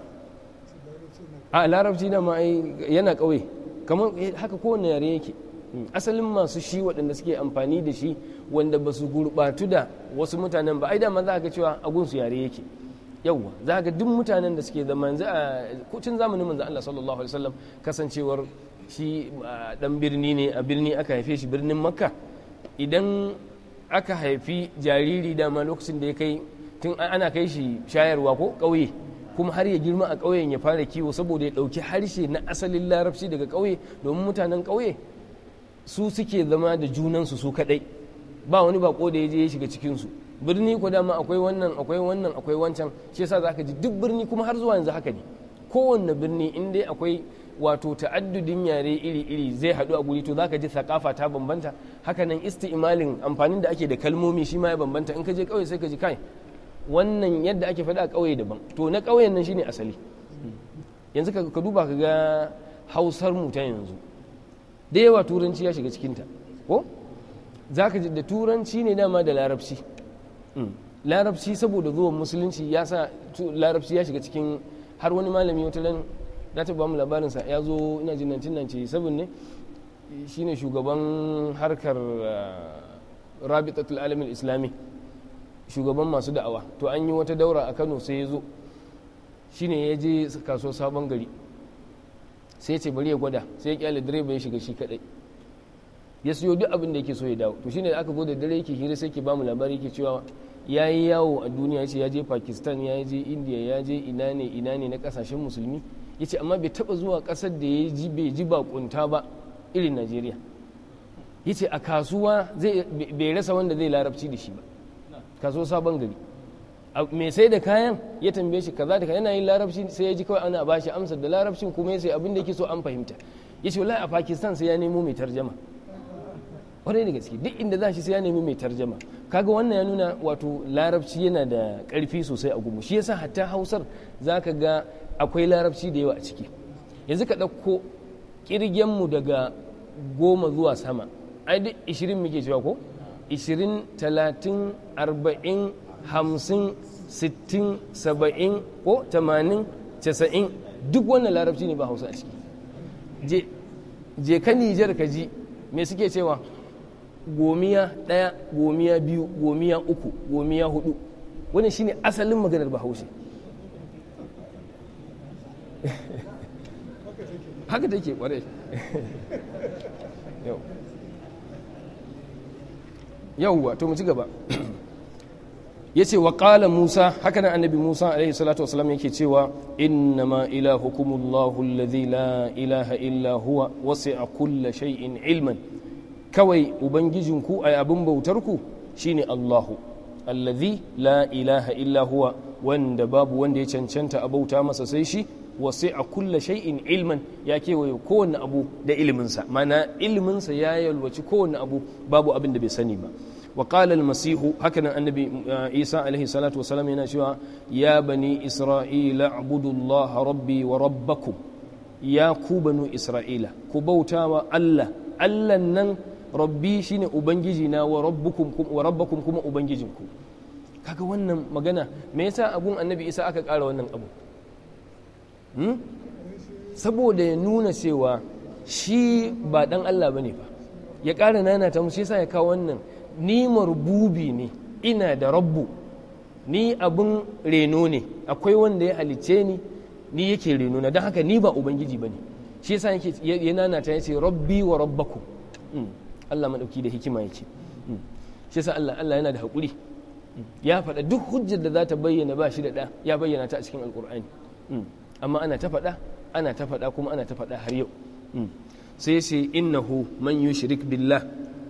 Speaker 1: a larabci na ma yana kawai kamar eh, haka kowane yare yake hmm. asalin masu shi waɗanda suke amfani da shi wanda ba su gurɓatu da wasu mutanen ba ai dama za ka cewa a gunsu yare yake yauwa za ka duk mutanen da suke zama yanzu a kucin zamanin manzo Allah sallallahu alaihi wasallam kasancewar shi dan ah, birni ne a birni aka haife shi birnin makka idan aka haifi jariri dama lokacin da ya kai tun ana kai shi shayarwa ko ƙauye kuma har ya girma a ƙauyen ya fara kiwo saboda ya ɗauki harshe na asalin larabci daga ƙauye domin mutanen ƙauye su suke zama da junansu su kaɗai ba wani bako da ya je ya shiga cikinsu birni ko dama akwai wannan akwai wannan akwai wancan shi yasa zaka ji duk birni kuma har zuwa yanzu haka ne kowanne birni in dai akwai wato ta'addudin yare iri-iri zai haɗu a guri to zaka ji thakafa ta bambanta hakanan isti'malin amfanin da ake da kalmomi shi ma ya bambanta in ka je kawai sai ka ji kai wannan yadda ake faɗa a ƙauye daban to na ƙauyen nan shine asali yanzu ka duba ka ga hausar mu ta yanzu da yawa turanci ya shiga cikinta ko za ka da turanci ne dama da larabci mm. larabci saboda zuwan musulunci ya sa larabci ya shiga cikin har wani malami wata ran ta ba mu labarinsa ya zo ina jin 1997 ne shine shugaban harkar ah, rabitatul alamin islami shugaban masu da'awa to an yi wata daura a kano sai ya zo shi ne ya je kaso sabon gari sai ce bari ya gwada sai ya kyale direba ya shiga shi kadai ya siyo duk abin da yake so ya dawo to shine da aka zo da dare yake hira sai ke bamu labari yake cewa ya yi yawo a duniya ce ya je pakistan ya je india ya je ina ne ina ne na kasashen musulmi ya ce amma bai taba zuwa kasar da ya ji bai ji bakunta ba irin najeriya ya ce a kasuwa bai rasa wanda zai larabci da shi ba kaso sabon gari mai sai da kayan ya tambaye shi kaza da yana yin larabci sai ya ji kawai ana bashi amsar da larabcin kuma ya sai abin da yake so an fahimta ya ce wallahi a pakistan sai ya nemo mai tarjama kwarai da gaske duk inda za shi sai ya nemi mai tarjama kaga wannan ya nuna wato larabci yana da karfi sosai a gumu shi yasa hatta hausar za ka ga akwai larabci da yawa a ciki yanzu ka ɗauko kirgenmu daga goma zuwa sama ai duk ishirin muke cewa ko ishirin talatin arba'in hamsin sittin saba'in ko tamanin casa'in duk wannan larabci ne ba hausa a ciki je ka nijar ka ji me suke cewa gomiya ɗaya gomiya biyu gomiya uku gomiya hudu shi shine asalin maganar bahaushe haka take kware yau yawwa to mu ci gaba ya ce wa ƙala musa haka nan annabi musa alaihi salatu wasalam yake cewa innama ilahukumullahu alladhi la ilaha illa huwa a kulla shay'in ilman kawai ubangijinku ai abin bautar ku shine allahu alladhi la ilaha illa huwa wanda babu wanda ya cancanta a bauta masa sai shi Wasai a kulla shay'in ilman ya kewaye kowanne abu da iliminsa mana iliminsa ya yalwaci kowanne abu babu abin da bai sani ba wa qala al masihu hakanan annabi uh, isa alaihi salatu wa salam yana cewa ya bani isra'ila abudullaha rabbi wa rabbakum ya ku banu isra'ila ku bautawa allah allah nan rabbi shine ubangiji na wa rabbukum wa rabbakum kuma ubangijinku kaga wannan magana me yasa abun annabi isa aka ƙara wannan abu Hmm? saboda ya nuna cewa shi ba dan Allah bane ba ya ƙara nana ta musu yasa ya kawo wannan ni marbubi ne ina da rabbu ni abin reno ne akwai wanda ya halicce ni ni yake reno na don haka ni ba ubangiji bane shi sa yake ya nana ta ce rabbi wa rabbaku hmm. Allah maɗauki da hikima ya ce hmm. shi sa Allah Allah yana da hakuri ya faɗa duk hujjar da za ta bayyana ba shi da ɗa ya bayyana ta a cikin alƙur'ani amma ana ta faɗa ana ta faɗa kuma ana ta faɗa har yau hmm. sai ce innahu man yushrik billah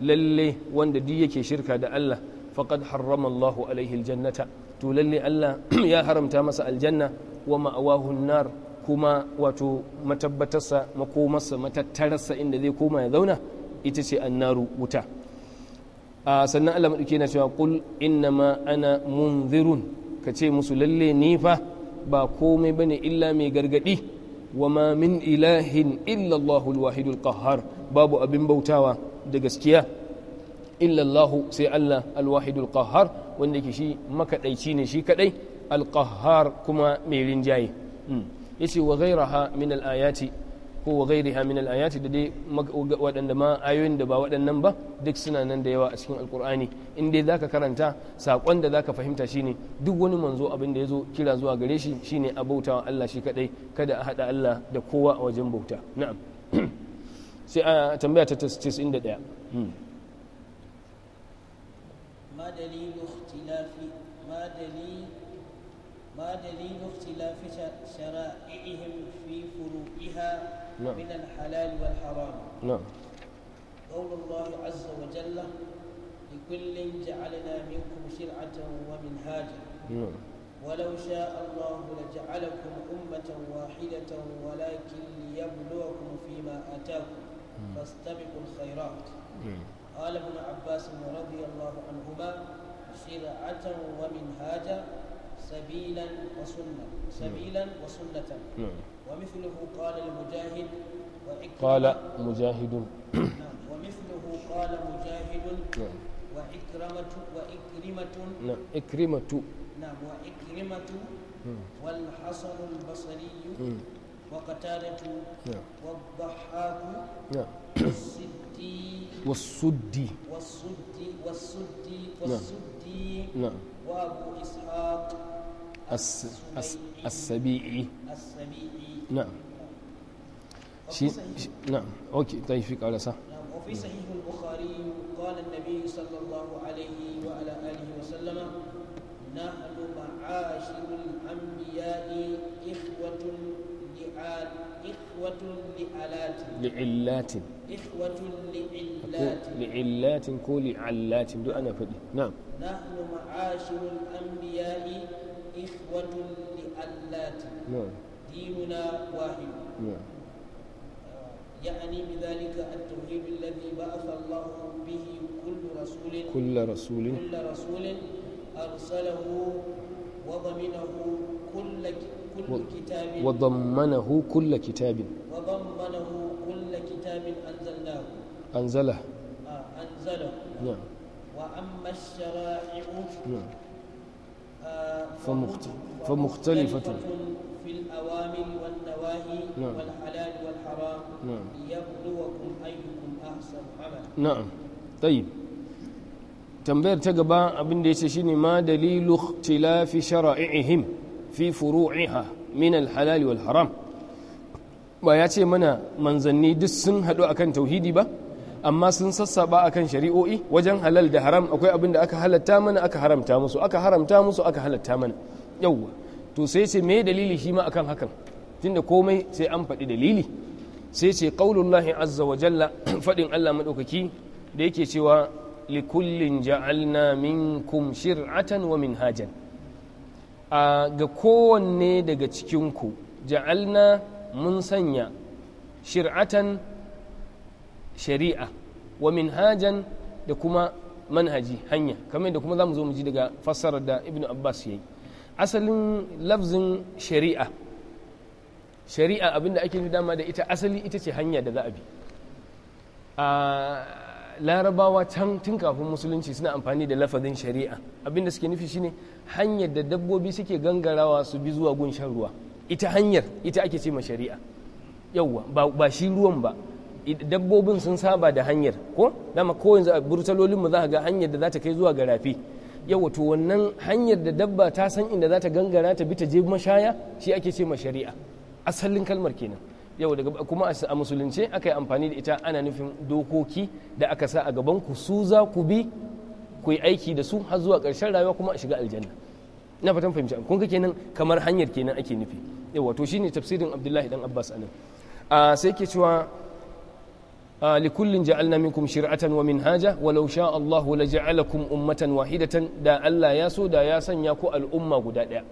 Speaker 1: lalle wanda duk yake shirka da Allah faqad harrama Allah alaihi aljannata to lalle Allah ya haramta masa aljanna wa ma'awahu nar kuma wato matabbatarsa makomarsa matattararsa inda zai koma ya zauna ita ce annaru wuta sannan Allah maɗauki yana cewa qul innama ana munzirun kace musu lalle ni fa ba komai bane illa mai gargadi wa ma min ilahin illa Allahul wahidul qahhar babu abin bautawa da gaskiya illa Allah sai Allah al-wahidul qahhar wanda ke shi makadaici ne shi kadai al kuma mai rinjaye hmm. yace wa ghayraha min al-ayati ko wa gairi min al-ayati da dai waɗanda ma ayoyin da ba waɗannan ba duk suna nan da yawa a cikin alkur'ani in dai zaka karanta sakon da zaka fahimta shine duk wani manzo abin da yazo kira zuwa gare shi shine a bautawa Allah shi kadai kada a hada Allah da kowa a wajen bauta na'am sai a tambaya ta 91 hmm.
Speaker 2: ma dalil ikhtilafi ma dalil ما دليل اختلاف شرائعهم في فروعها نعم. من الحلال والحرام نعم قول الله عز وجل لكل جعلنا منكم شرعة ومنهاجا نعم ولو شاء الله لجعلكم أمة واحدة ولكن ليبلوكم فيما آتاكم فاستبقوا الخيرات قال ابن عباس رضي الله عنهما شرعة ومنهاجا سبيلا وسنة سبيلا نعم. وسنة نعم ومثله قال المجاهد قال مجاهد نعم ومثله قال مجاهد نعم وإكرمة وإكرمة نعم
Speaker 1: إكرمة
Speaker 2: نعم وإكرمة نعم. والحسن البصري نعم. وقتادة والضحاك نعم والسدي والسدي والسدي والسدي والسدي نعم وأبو إسحاق
Speaker 1: as-sabi'i na'am shi na'am okay tayi fi karasa
Speaker 2: وفي صحيح البخاري قال النبي صلى الله عليه وعلى آله وسلم نحن معاشر الأنبياء إخوة لعال إخوة لعلات
Speaker 1: لعلات
Speaker 2: إخوة لعلات
Speaker 1: لعلات كو لعلات دو أنا فدي نعم
Speaker 2: نحن معاشر الأنبياء إخوة لألات نعم ديننا واحد نعم يعني بذلك التوحيد الذي بعث الله به كل رسول كل رسول كل رسول أرسله وضمنه كل كل كتاب وضمنه
Speaker 1: كل كتاب
Speaker 2: وضمنه كل كتاب أنزلناه أنزله آه أنزله نعم وأما الشرائع نعم
Speaker 1: فمختلفة tambayar ta gaba abin da ya ce shine ma dalilu ikhtilafi shara'ihim fi furu'iha min al wal haram ba ya ce mana manzanni duk sun haɗu akan tauhidi ba amma sun sassaba akan shari'o'i wajen halal da haram akwai abin da aka halatta mana aka haramta musu aka haramta musu aka halatta mana yawwa to sai ce me dalili shi ma akan hakan tunda komai sai an faɗi dalili sai ce qaulullahi azza wa jalla faɗin Allah madaukaki da yake cewa likullin ja'alna minkum shir'atan wa minhajan ga kowanne daga cikinku ja'alna mun sanya shir'atan shari'a wa minhajan da kuma manhaji hanya kamar da kuma za mu zo mu ji daga fassarar da Ibn abbas yayi asalin lafzin shari'a shari'a abinda ake nufi dama da ita asali ita ce hanya da za a bi a larabawa can tun kafin musulunci suna amfani da lafazin shari'a abinda suke nufi shine hanyar da dabbobi suke gangarawa su bi zuwa gun shan ruwa ita hanyar ita ake ce ma shari'a yauwa ba shi ruwan ba dabbobin sun saba da hanyar ko dama ko yanzu a burtalolin mu za ga hanyar da za ta kai zuwa ga rafi yawa to wannan hanyar da dabba ta san inda za ta gangara ta bi ta je mashaya shi ake ce ma shari'a asalin kalmar kenan yau daga kuma a musulunce aka yi amfani da ita ana nufin dokoki da aka sa a gaban ku su za ku bi ku yi aiki da su har zuwa karshen rayuwa kuma a shiga aljanna na fatan fahimci kun ga kenan kamar hanyar kenan ake nufi yau wato shine tafsirin abdullahi dan abbas anan ah, sai ke cewa likullin ja'alna minkum shir'atan wa minhaja walau sha Allah la ja'alakum ummatan wahidatan da Allah ya so da ya sanya ku al'umma guda daya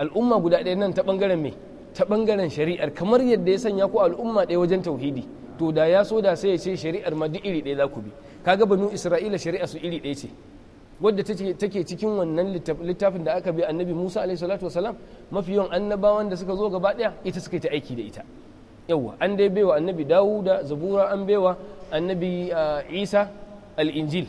Speaker 1: al'umma guda daya nan ta bangaren me ta bangaren shari'ar kamar yadda ya sanya ko al'umma daya wajen tauhidi to da ya so da sai ya ce shari'ar ma duk iri daya za ku bi kaga banu isra'ila shari'a su iri daya ce wadda take cikin wannan littafin da aka bi annabi Musa alaihi mafi yawan annabawan da suka zo gaba daya ita suka yi ta aiki da ita yawa an dai baiwa annabi dawuda zabura an baiwa annabi isa al'injil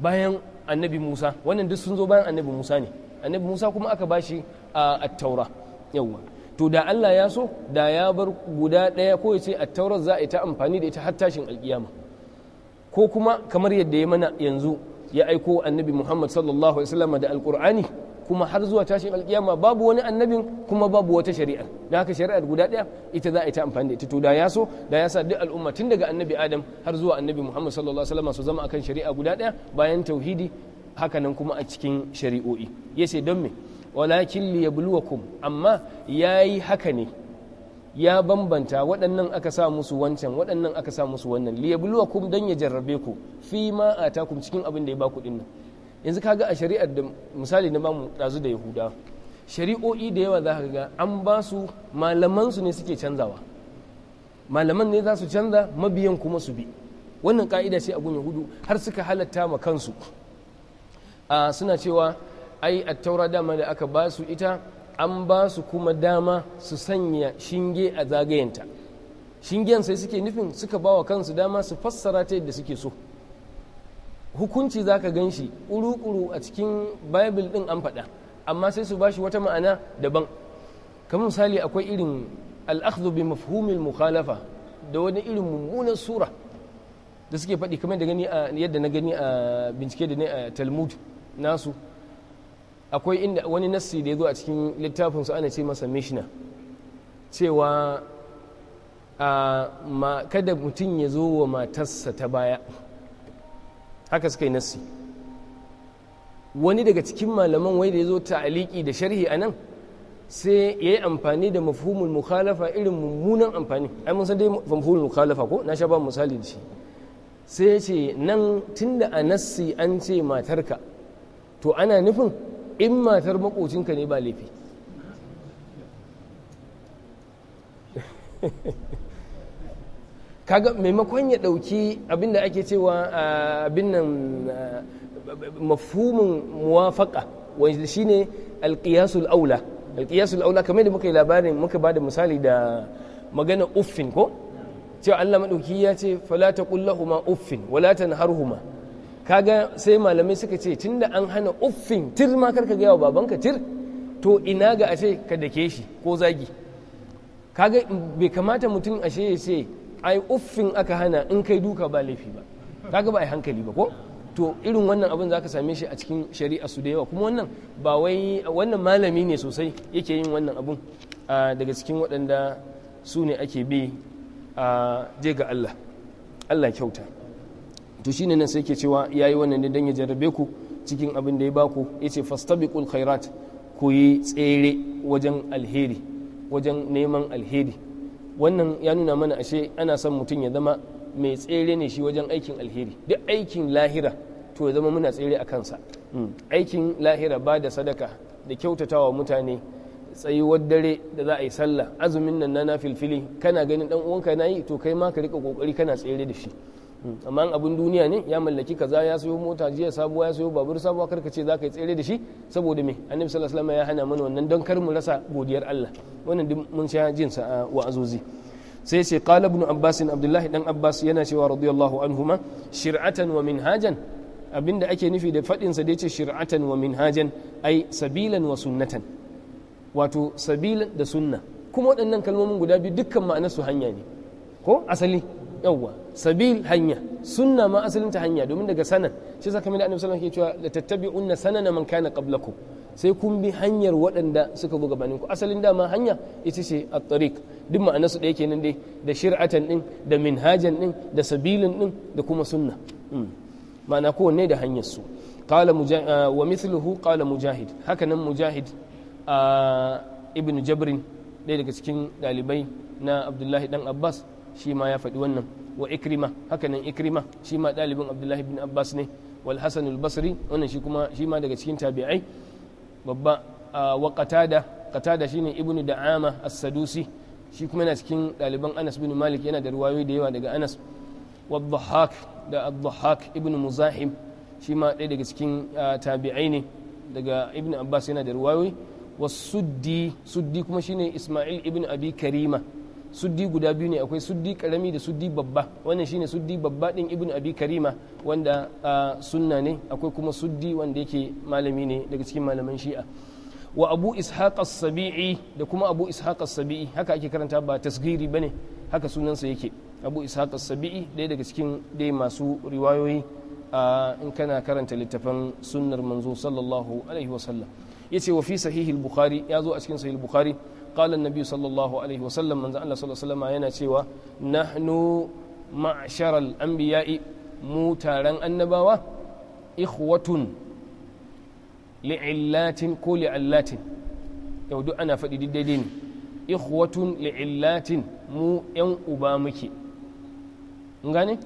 Speaker 1: bayan annabi musa wannan duk sun zo bayan annabi musa ne annabi musa kuma aka bashi a taura yawa to da allah ya so da ya bar guda ɗaya ko ya ce a za a yi ta amfani da ita har tashin alkiyama ko kuma kamar yadda ya mana yanzu ya aiko annabi muhammad sallallahu alaihi wasallam da alkur'ani kuma har zuwa tashin alkiyama babu wani annabin kuma babu wata shari'a da haka shari'ar guda ɗaya ita za a yi ta amfani da ita to da ya so da ya sa duk al'umma tun daga annabi adam har zuwa annabi muhammad sallallahu alaihi wasallam su zama akan shari'a guda ɗaya bayan tauhidi hakanan kuma a cikin shari'o'i Ya yace don me walakin yabluwakum amma yayi haka ne ya bambanta waɗannan aka sa musu wancan waɗannan aka sa musu wannan liyabluwakum dan ya jarrabe ku fi ma atakum cikin abin da ya baku dinnan yanzu kaga a shari'ar da misali na bamu ɗazu da yahuda shari'o'i da yawa za ka ga an ba su malaman su ne suke canzawa malaman ne za su canza mabiyan kuma su bi wannan ka'ida ce a gun yahudu har suka halatta ma kansu suna cewa ai a taura dama da aka ba su ita an ba su kuma dama su sanya shinge a zagayenta shingen sai suke nufin suka ba wa kansu dama su fassara ta yadda suke so hukunci za ka gan shi ƙuru-ƙuru a cikin bible ɗin an faɗa amma sai su bashi wata ma'ana daban kamar misali akwai irin al'akhdhu bi mafhumil mukhalafa da wani irin mummunan sura da suke faɗi kamar yadda na gani a bincike da ne a talmud nasu akwai inda wani nassi da ya zo a cikin littafin su ana ce masa mishna cewa a kada mutum ya zo wa matarsa ta baya haka suka yi nassi wani daga cikin malaman wai da ya zo ta'aliki da sharhi a nan sai ya yi amfani da mafhumul mukhalafa irin mummunan amfani ai mun san dai mafhumul mukhalafa ko na sha ba misali da shi sai ya ce nan tunda a nassi an ce matarka to ana nufin in matar makocinka ne ba laifi kaga maimakon ya ɗauki abin da ake cewa abin nan mafhumin muwafaka wanda shine alqiyasul aula alqiyasul aula kamar da muka yi labarin muka bada misali da magana uffin ko cewa Allah madauki ya ce fala taqul lahumu uffin wala tanharhuma kaga sai malamai suka ce tunda an hana uffin tir ma karka ga yawa babanka tir to ina ga ashe ka dake shi ko zagi kaga bai kamata mutum ashe ya ce ai uffin aka hana in kai duka ba laifi ba ta ba ai hankali ba ko to irin wannan abin ka same shi a cikin shari'a su da yawa kuma wannan ba wai wannan malami ne sosai yake yin wannan abun daga cikin waɗanda su ne ake bi je ga Allah Allah kyauta to shine nan sai ke cewa yayi wannan ne dan ya jarrabe ku cikin abin da ya baku yace fastabiqul khairat ku yi tsere wajen alheri wajen neman alheri wannan ya nuna mana ashe ana son mutum ya zama mai tsere ne shi wajen aikin alheri duk aikin lahira to ya zama muna tsere a kansa hmm. aikin lahira ba da sadaka da kyautatawa mutane tsayuwar dare da za a yi sallah azumin nan na filfili kana ganin dan uwanka na yi to kai ma ka rika ƙoƙari kana tsere da shi amma abin duniya ne ya mallaki kaza ya sayo mota jiya sabuwa ya sayo babur sabuwa karka ce ka yi tsere da shi saboda me annabi sallallahu alaihi ya hana mana wannan don kar mu rasa godiyar Allah wannan duk mun sha jin sa a wa'azozi sai ce qala ibn abbas abdullahi dan abbas yana cewa radiyallahu anhuma shir'atan wa minhajan abinda ake nufi da fadin sa da yace shir'atan wa minhajan ai sabilan wa sunnatan wato sabilan da sunna kuma waɗannan kalmomin guda biyu dukkan ma'anar su hanya ne ko asali yawwa sabil hanya sunna ma asalin ta hanya domin daga sanan shi saka mai annabi sallallahu alaihi wasallam ke cewa tattabi'unna sanana man kana qablakum sai kun bi hanyar waɗanda suka buga baninku asalin dama hanya ita ce at-tariq duk ma'anar su da yake nan dai da shir'atan din da minhajan din da sabilin din da kuma sunna hmm. ma'ana kowanne da hanyar su qala ah, wa mithluhu qala mujahid haka nan mujahid ah, ibn jabrin ɗaya daga cikin ɗalibai na abdullahi dan abbas shi ma ya faɗi wannan wa ikrima hakanan ikrima shi ma ɗalibin abdullahi bin abbas ne wal hasan basri wannan shi kuma shi ma daga cikin tabi'ai babba wa qatada qatada shine ibnu da'ama as-sadusi shi kuma yana cikin ɗaliban anas bin malik yana da ruwayoyi da yawa daga anas wa dhahak da ad-dhahak ibnu muzahim shi ma ɗaya daga cikin tabi'ai ne daga ibnu abbas yana da ruwayoyi Wa suddi suddi kuma shine isma'il ibnu abi karima suddi guda biyu ne akwai suddi karami da suddi babba wannan shine suddi babba din ibnu abi karima wanda sunna ne akwai kuma suddi wanda yake malami ne daga cikin malaman shi'a wa abu ishaq as-sabi'i da kuma abu ishaq as-sabi'i haka ake karanta ba tasgiri bane haka sunansa yake abu ishaq as-sabi'i daya daga cikin dai masu riwayoyi in kana karanta littafan sunnar manzo sallallahu alaihi sallam yace wa fi sahihi al-bukhari yazo a cikin sahih al-bukhari قال النبي صلى الله عليه وسلم من الله صلى الله عليه وسلم yana cewa nahnu ma'sharal anbiya'i mu taran annabawa ikhwatun li'illatin ko li'allatin yau ana faɗi daidai ne ikhwatun li'illatin mu yan uba muke gane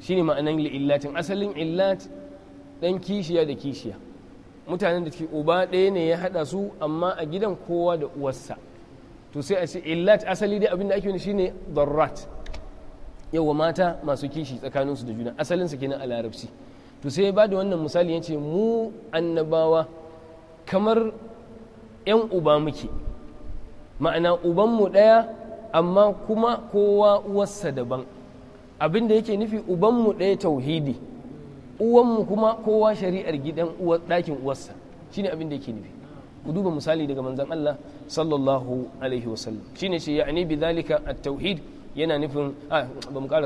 Speaker 1: shine ma'anan li'illatin asalin illat dan kishiya da kishiya mutanen da ke uba ɗaya ne ya haɗa su amma a gidan kowa da uwarsa to sai a ce illat asali dai abin da ake wani shine yau wa mata masu kishi tsakanin su da juna asalinsa kenan a larabci to sai ya bada wannan misali yace mu annabawa kamar yan uba muke ma'ana ubanmu ɗaya amma kuma kowa uwarsa daban abin da yake nufi ubanmu ɗaya tauhidi uwanmu kuma kowa shari'ar gidan ɗakin uwarsa shine abin da yake nufi ku duba misali daga manzon Allah sallallahu alaihi wasallam shine shi ya bi zalika at-tauhid yana nufin a ba mu ko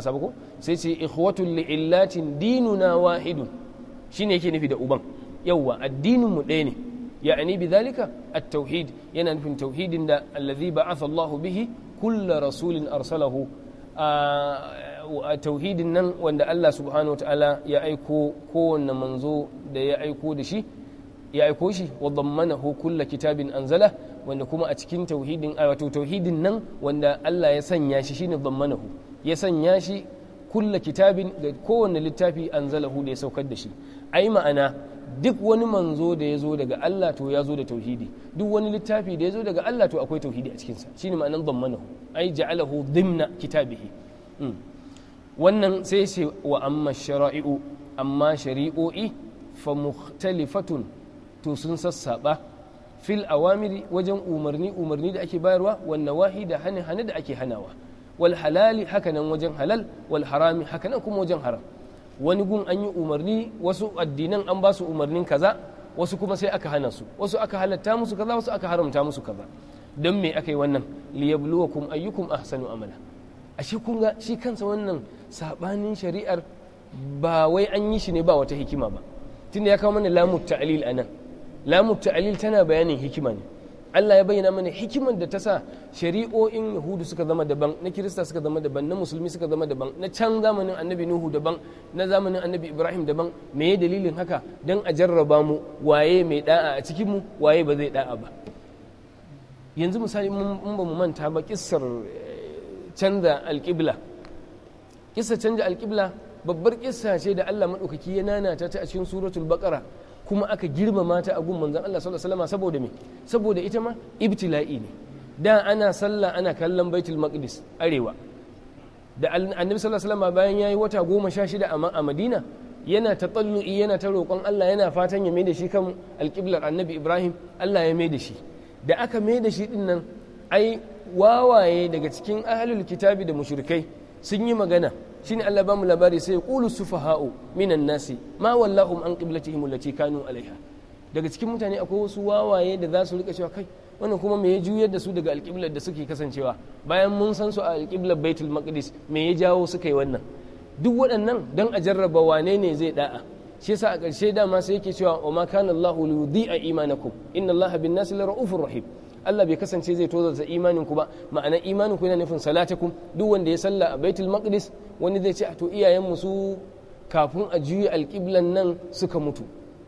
Speaker 1: sai ce ikhwatul li'illatin dinuna wahidun shine yake nufi da uban yawwa addinin mu ɗaya ne ya'ni bi zalika at-tauhid yana nufin tauhidin da allazi ba'atha Allah bihi kullu rasulin arsalahu tauhidin nan wanda Allah subhanahu wa ta'ala ya aiko kowanne manzo da ya aiko da shi ya aiko shi wa hu kulla kitabin anzala wanda kuma a cikin tauhidin a wato tauhidin nan wanda Allah ya sanya shi shine hu ya sanya shi kulla kitabin ga kowanne littafi anzalahu da ya saukar da shi ai ma'ana duk wani manzo da ya zo daga Allah to ya zo da tauhidi duk wani littafi da ya zo daga Allah to akwai tauhidi a cikinsa shine ma'anan hu ai ja'alahu dhimna kitabihi hmm. wannan sai ce wa amma shari'u amma shari'o'i fa mukhtalifatun to sun sassaba fil awamiri wajen umarni umarni da ake bayarwa wan nawahi da hane hane da ake hanawa wal halali hakanan wajen halal wal harami hakanan kuma wajen haram wani gun an yi umarni wasu addinan an ba su umarnin kaza wasu kuma sai aka hana su wasu aka halatta musu kaza wasu aka haramta musu kaza don me aka yi wannan liyabluwakum ayyukum ahsanu amala ashe kun ga shi kansa wannan saɓanin shari'ar ba wai an yi shi ne ba wata hikima ba tunda ya kawo mana lamu ta'alil a nan lamu ta'alil tana bayanin hikima ne Allah ya bayyana mana hikimar da ta sa shari'o'in Yahudu suka zama daban na Kirista suka zama daban na Musulmi suka zama daban na can zamanin Annabi Nuhu daban na zamanin Annabi Ibrahim daban me ya dalilin haka dan a jarraba mu waye mai da'a a cikin mu waye ba zai da'a ba yanzu misali mun ba mu manta ba kissar eh, canza alƙibla kissa canja alƙibla babbar kissa ce da Allah maɗaukaki ya nanata ta a cikin suratul baqara kuma aka girmama ta a gun manzon Allah sallallahu alaihi wasallam saboda me saboda ita ma ibtila'i ne da ana sallah ana kallon baitul maqdis arewa da annabi sallallahu alaihi wasallam bayan yayi wata goma sha shida a madina yana ta tsallu'i yana ta roƙon Allah yana fatan ya mai da shi kan alƙiblar annabi Ibrahim Allah ya mai da shi da aka mai da shi dinnan ai wawaye daga cikin ahlul kitabi da mushrikai sun yi magana shine Allah bamu labari sai qulu sufaha'u minan nasi ma wallahum an qiblatihim allati kanu alaiha daga cikin mutane akwai wasu wawaye da za su rika cewa kai wannan kuma me ya juyar da su daga alƙiblar da suke kasancewa bayan mun san su a alƙiblar baitul maqdis me ya jawo suka yi wannan duk waɗannan dan a jarraba wane ne zai da'a shi yasa a ƙarshe dama sai yake cewa wa ma kana Allahu li yudhi'a imanakum inna Allaha bin nasi la rahim Allah bai kasance zai tozarta imanin ku ba ma'ana imanin ku yana nufin salatakum duk wanda ya salla a baitul maqdis wani zai ce to iyayen mu su kafin a juya alƙiblan nan suka mutu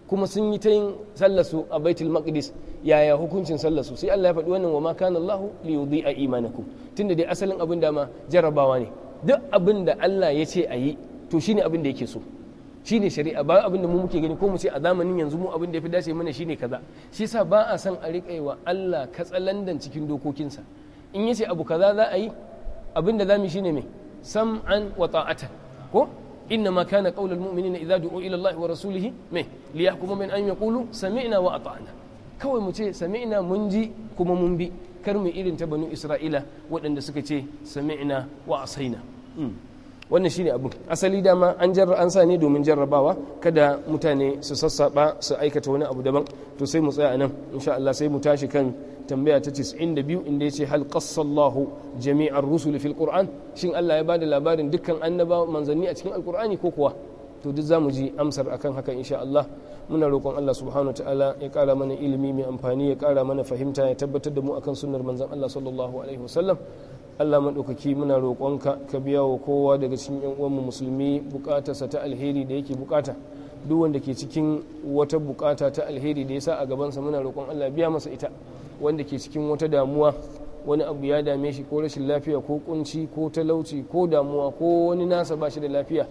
Speaker 1: kuma sun yi ta yin sallasu a baitul maqdis yaya hukuncin sallasu sai Allah ya faɗi wannan wa ma kana Allah li yudhi'a imanakum tunda dai asalin abin da ma jarabawa ne duk abin da Allah ya ce a yi to shine abin da yake so shine shari'a ba abin da mu muke gani ko mu ce a zamanin yanzu mu abin da fi dace mana shine kaza shi yasa ba a san a riƙa wa Allah katsalandan cikin dokokinsa in yace abu kaza za a yi abin da zamu shine me an wa ta'atan ko inna ma kana qaulul mu'minina idza du'u ila Allah wa rasulihi me li yahkumu min an yaqulu sami'na wa ata'na kawai mu ce sami'na mun ji kuma mun bi kar mu irin ta banu Isra'ila waɗanda suka ce sami'na wa asaina hmm. wannan shine abin asali dama an jarra an sa ne domin jarrabawa kada mutane su sassaba su aikata wani abu daban to sai mu tsaya nan insha Allah sai mu tashi kan tambaya ta 92 inda yace hal qassallahu jami'ar rusul fil qur'an shin Allah ya bada labarin dukkan annabawa manzanni a cikin alqur'ani ko kuwa to duk zamu ji amsar akan haka insha Allah muna roƙon Allah subhanahu ta'ala ya ƙara mana ilimi mai amfani ya ƙara mana fahimta ya tabbatar da mu akan sunnar manzon Allah sallallahu alaihi wasallam Allah maɗaukaki muna roƙonka ka biya wa kowa daga cikin 'yan uwanmu musulmi buƙatarsa ta alheri da yake buƙata duk wanda ke cikin wata buƙata ta alheri da ya sa a gabansa muna roƙon Allah biya masa ita wanda ke cikin wata damuwa wani abu ya dame shi ko rashin lafiya ko kunci ko talauci ko damuwa ko wani nasa ba shi da lafiya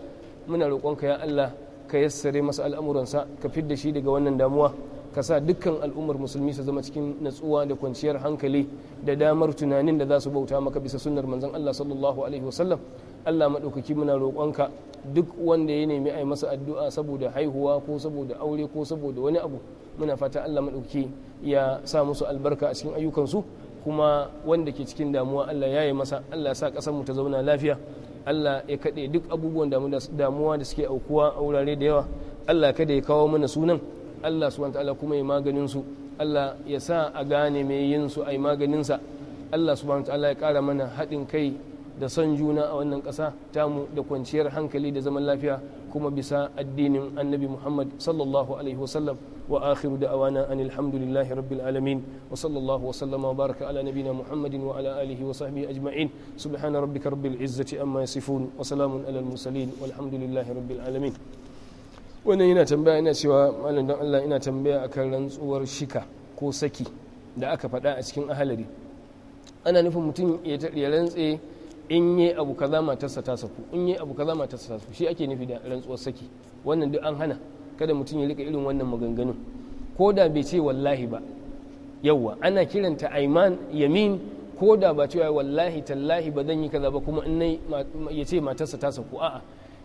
Speaker 1: muna roƙonka ya Allah ka yassare masa al'amuransa ka fidda shi daga wannan damuwa ka sa dukkan al'ummar musulmi su zama cikin natsuwa da kwanciyar hankali da damar tunanin da za su bauta maka bisa sunnar manzon Allah sallallahu alaihi wasallam Allah maɗaukaki muna roƙonka duk wanda ya nemi a masa addu'a saboda haihuwa ko saboda aure ko saboda wani abu muna fata Allah maɗaukaki ya sa musu albarka a cikin ayyukansu kuma wanda ke cikin damuwa Allah ya yi masa Allah ya sa ƙasarmu ta zauna lafiya Allah ya kaɗe duk abubuwan damuwa da suke aukuwa a wurare da yawa Allah kada ya kawo mana sunan Allah subhanahu ta'ala kuma ya maganin su Allah ya sa a gane mai yin su ai maganin sa Allah subhanahu ta'ala ya kara mana haɗin kai da son juna a wannan ƙasa tamu da kwanciyar hankali da zaman lafiya kuma bisa addinin annabi Muhammad sallallahu alaihi wasallam wa akhiru da'awana anil hamdulillahi rabbil alamin wa sallallahu wa sallama wa baraka ala nabina Muhammadin wa ala alihi wa sahbihi ajma'in subhana rabbika rabbil izzati amma yasifun wa salamun alal mursalin walhamdulillahi rabbil alamin wannan yana tambaya yana cewa malam don Allah ina tambaya akan rantsuwar shika ko saki da aka faɗa a cikin ahalari ana nufin mutum ya rantse in yi abu kaza matarsa ta saku in yi abu kaza matarsa ta saku shi ake nufi da rantsuwar saki wannan duk an hana kada mutum ya rika irin wannan maganganun ko da bai ce wallahi ba yawwa ana kiranta aiman yamin ko da ba cewa wallahi tallahi ba zan yi kaza ba kuma in ya ce matarsa ta saku a'a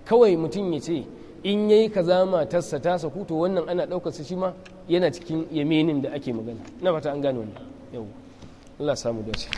Speaker 1: kawai mutum ya ce in yayi kaza matarsa ta saku to wannan ana ɗaukar shi ma yana cikin yaminin da ake magana na fata an gano ne yau Allah samu dace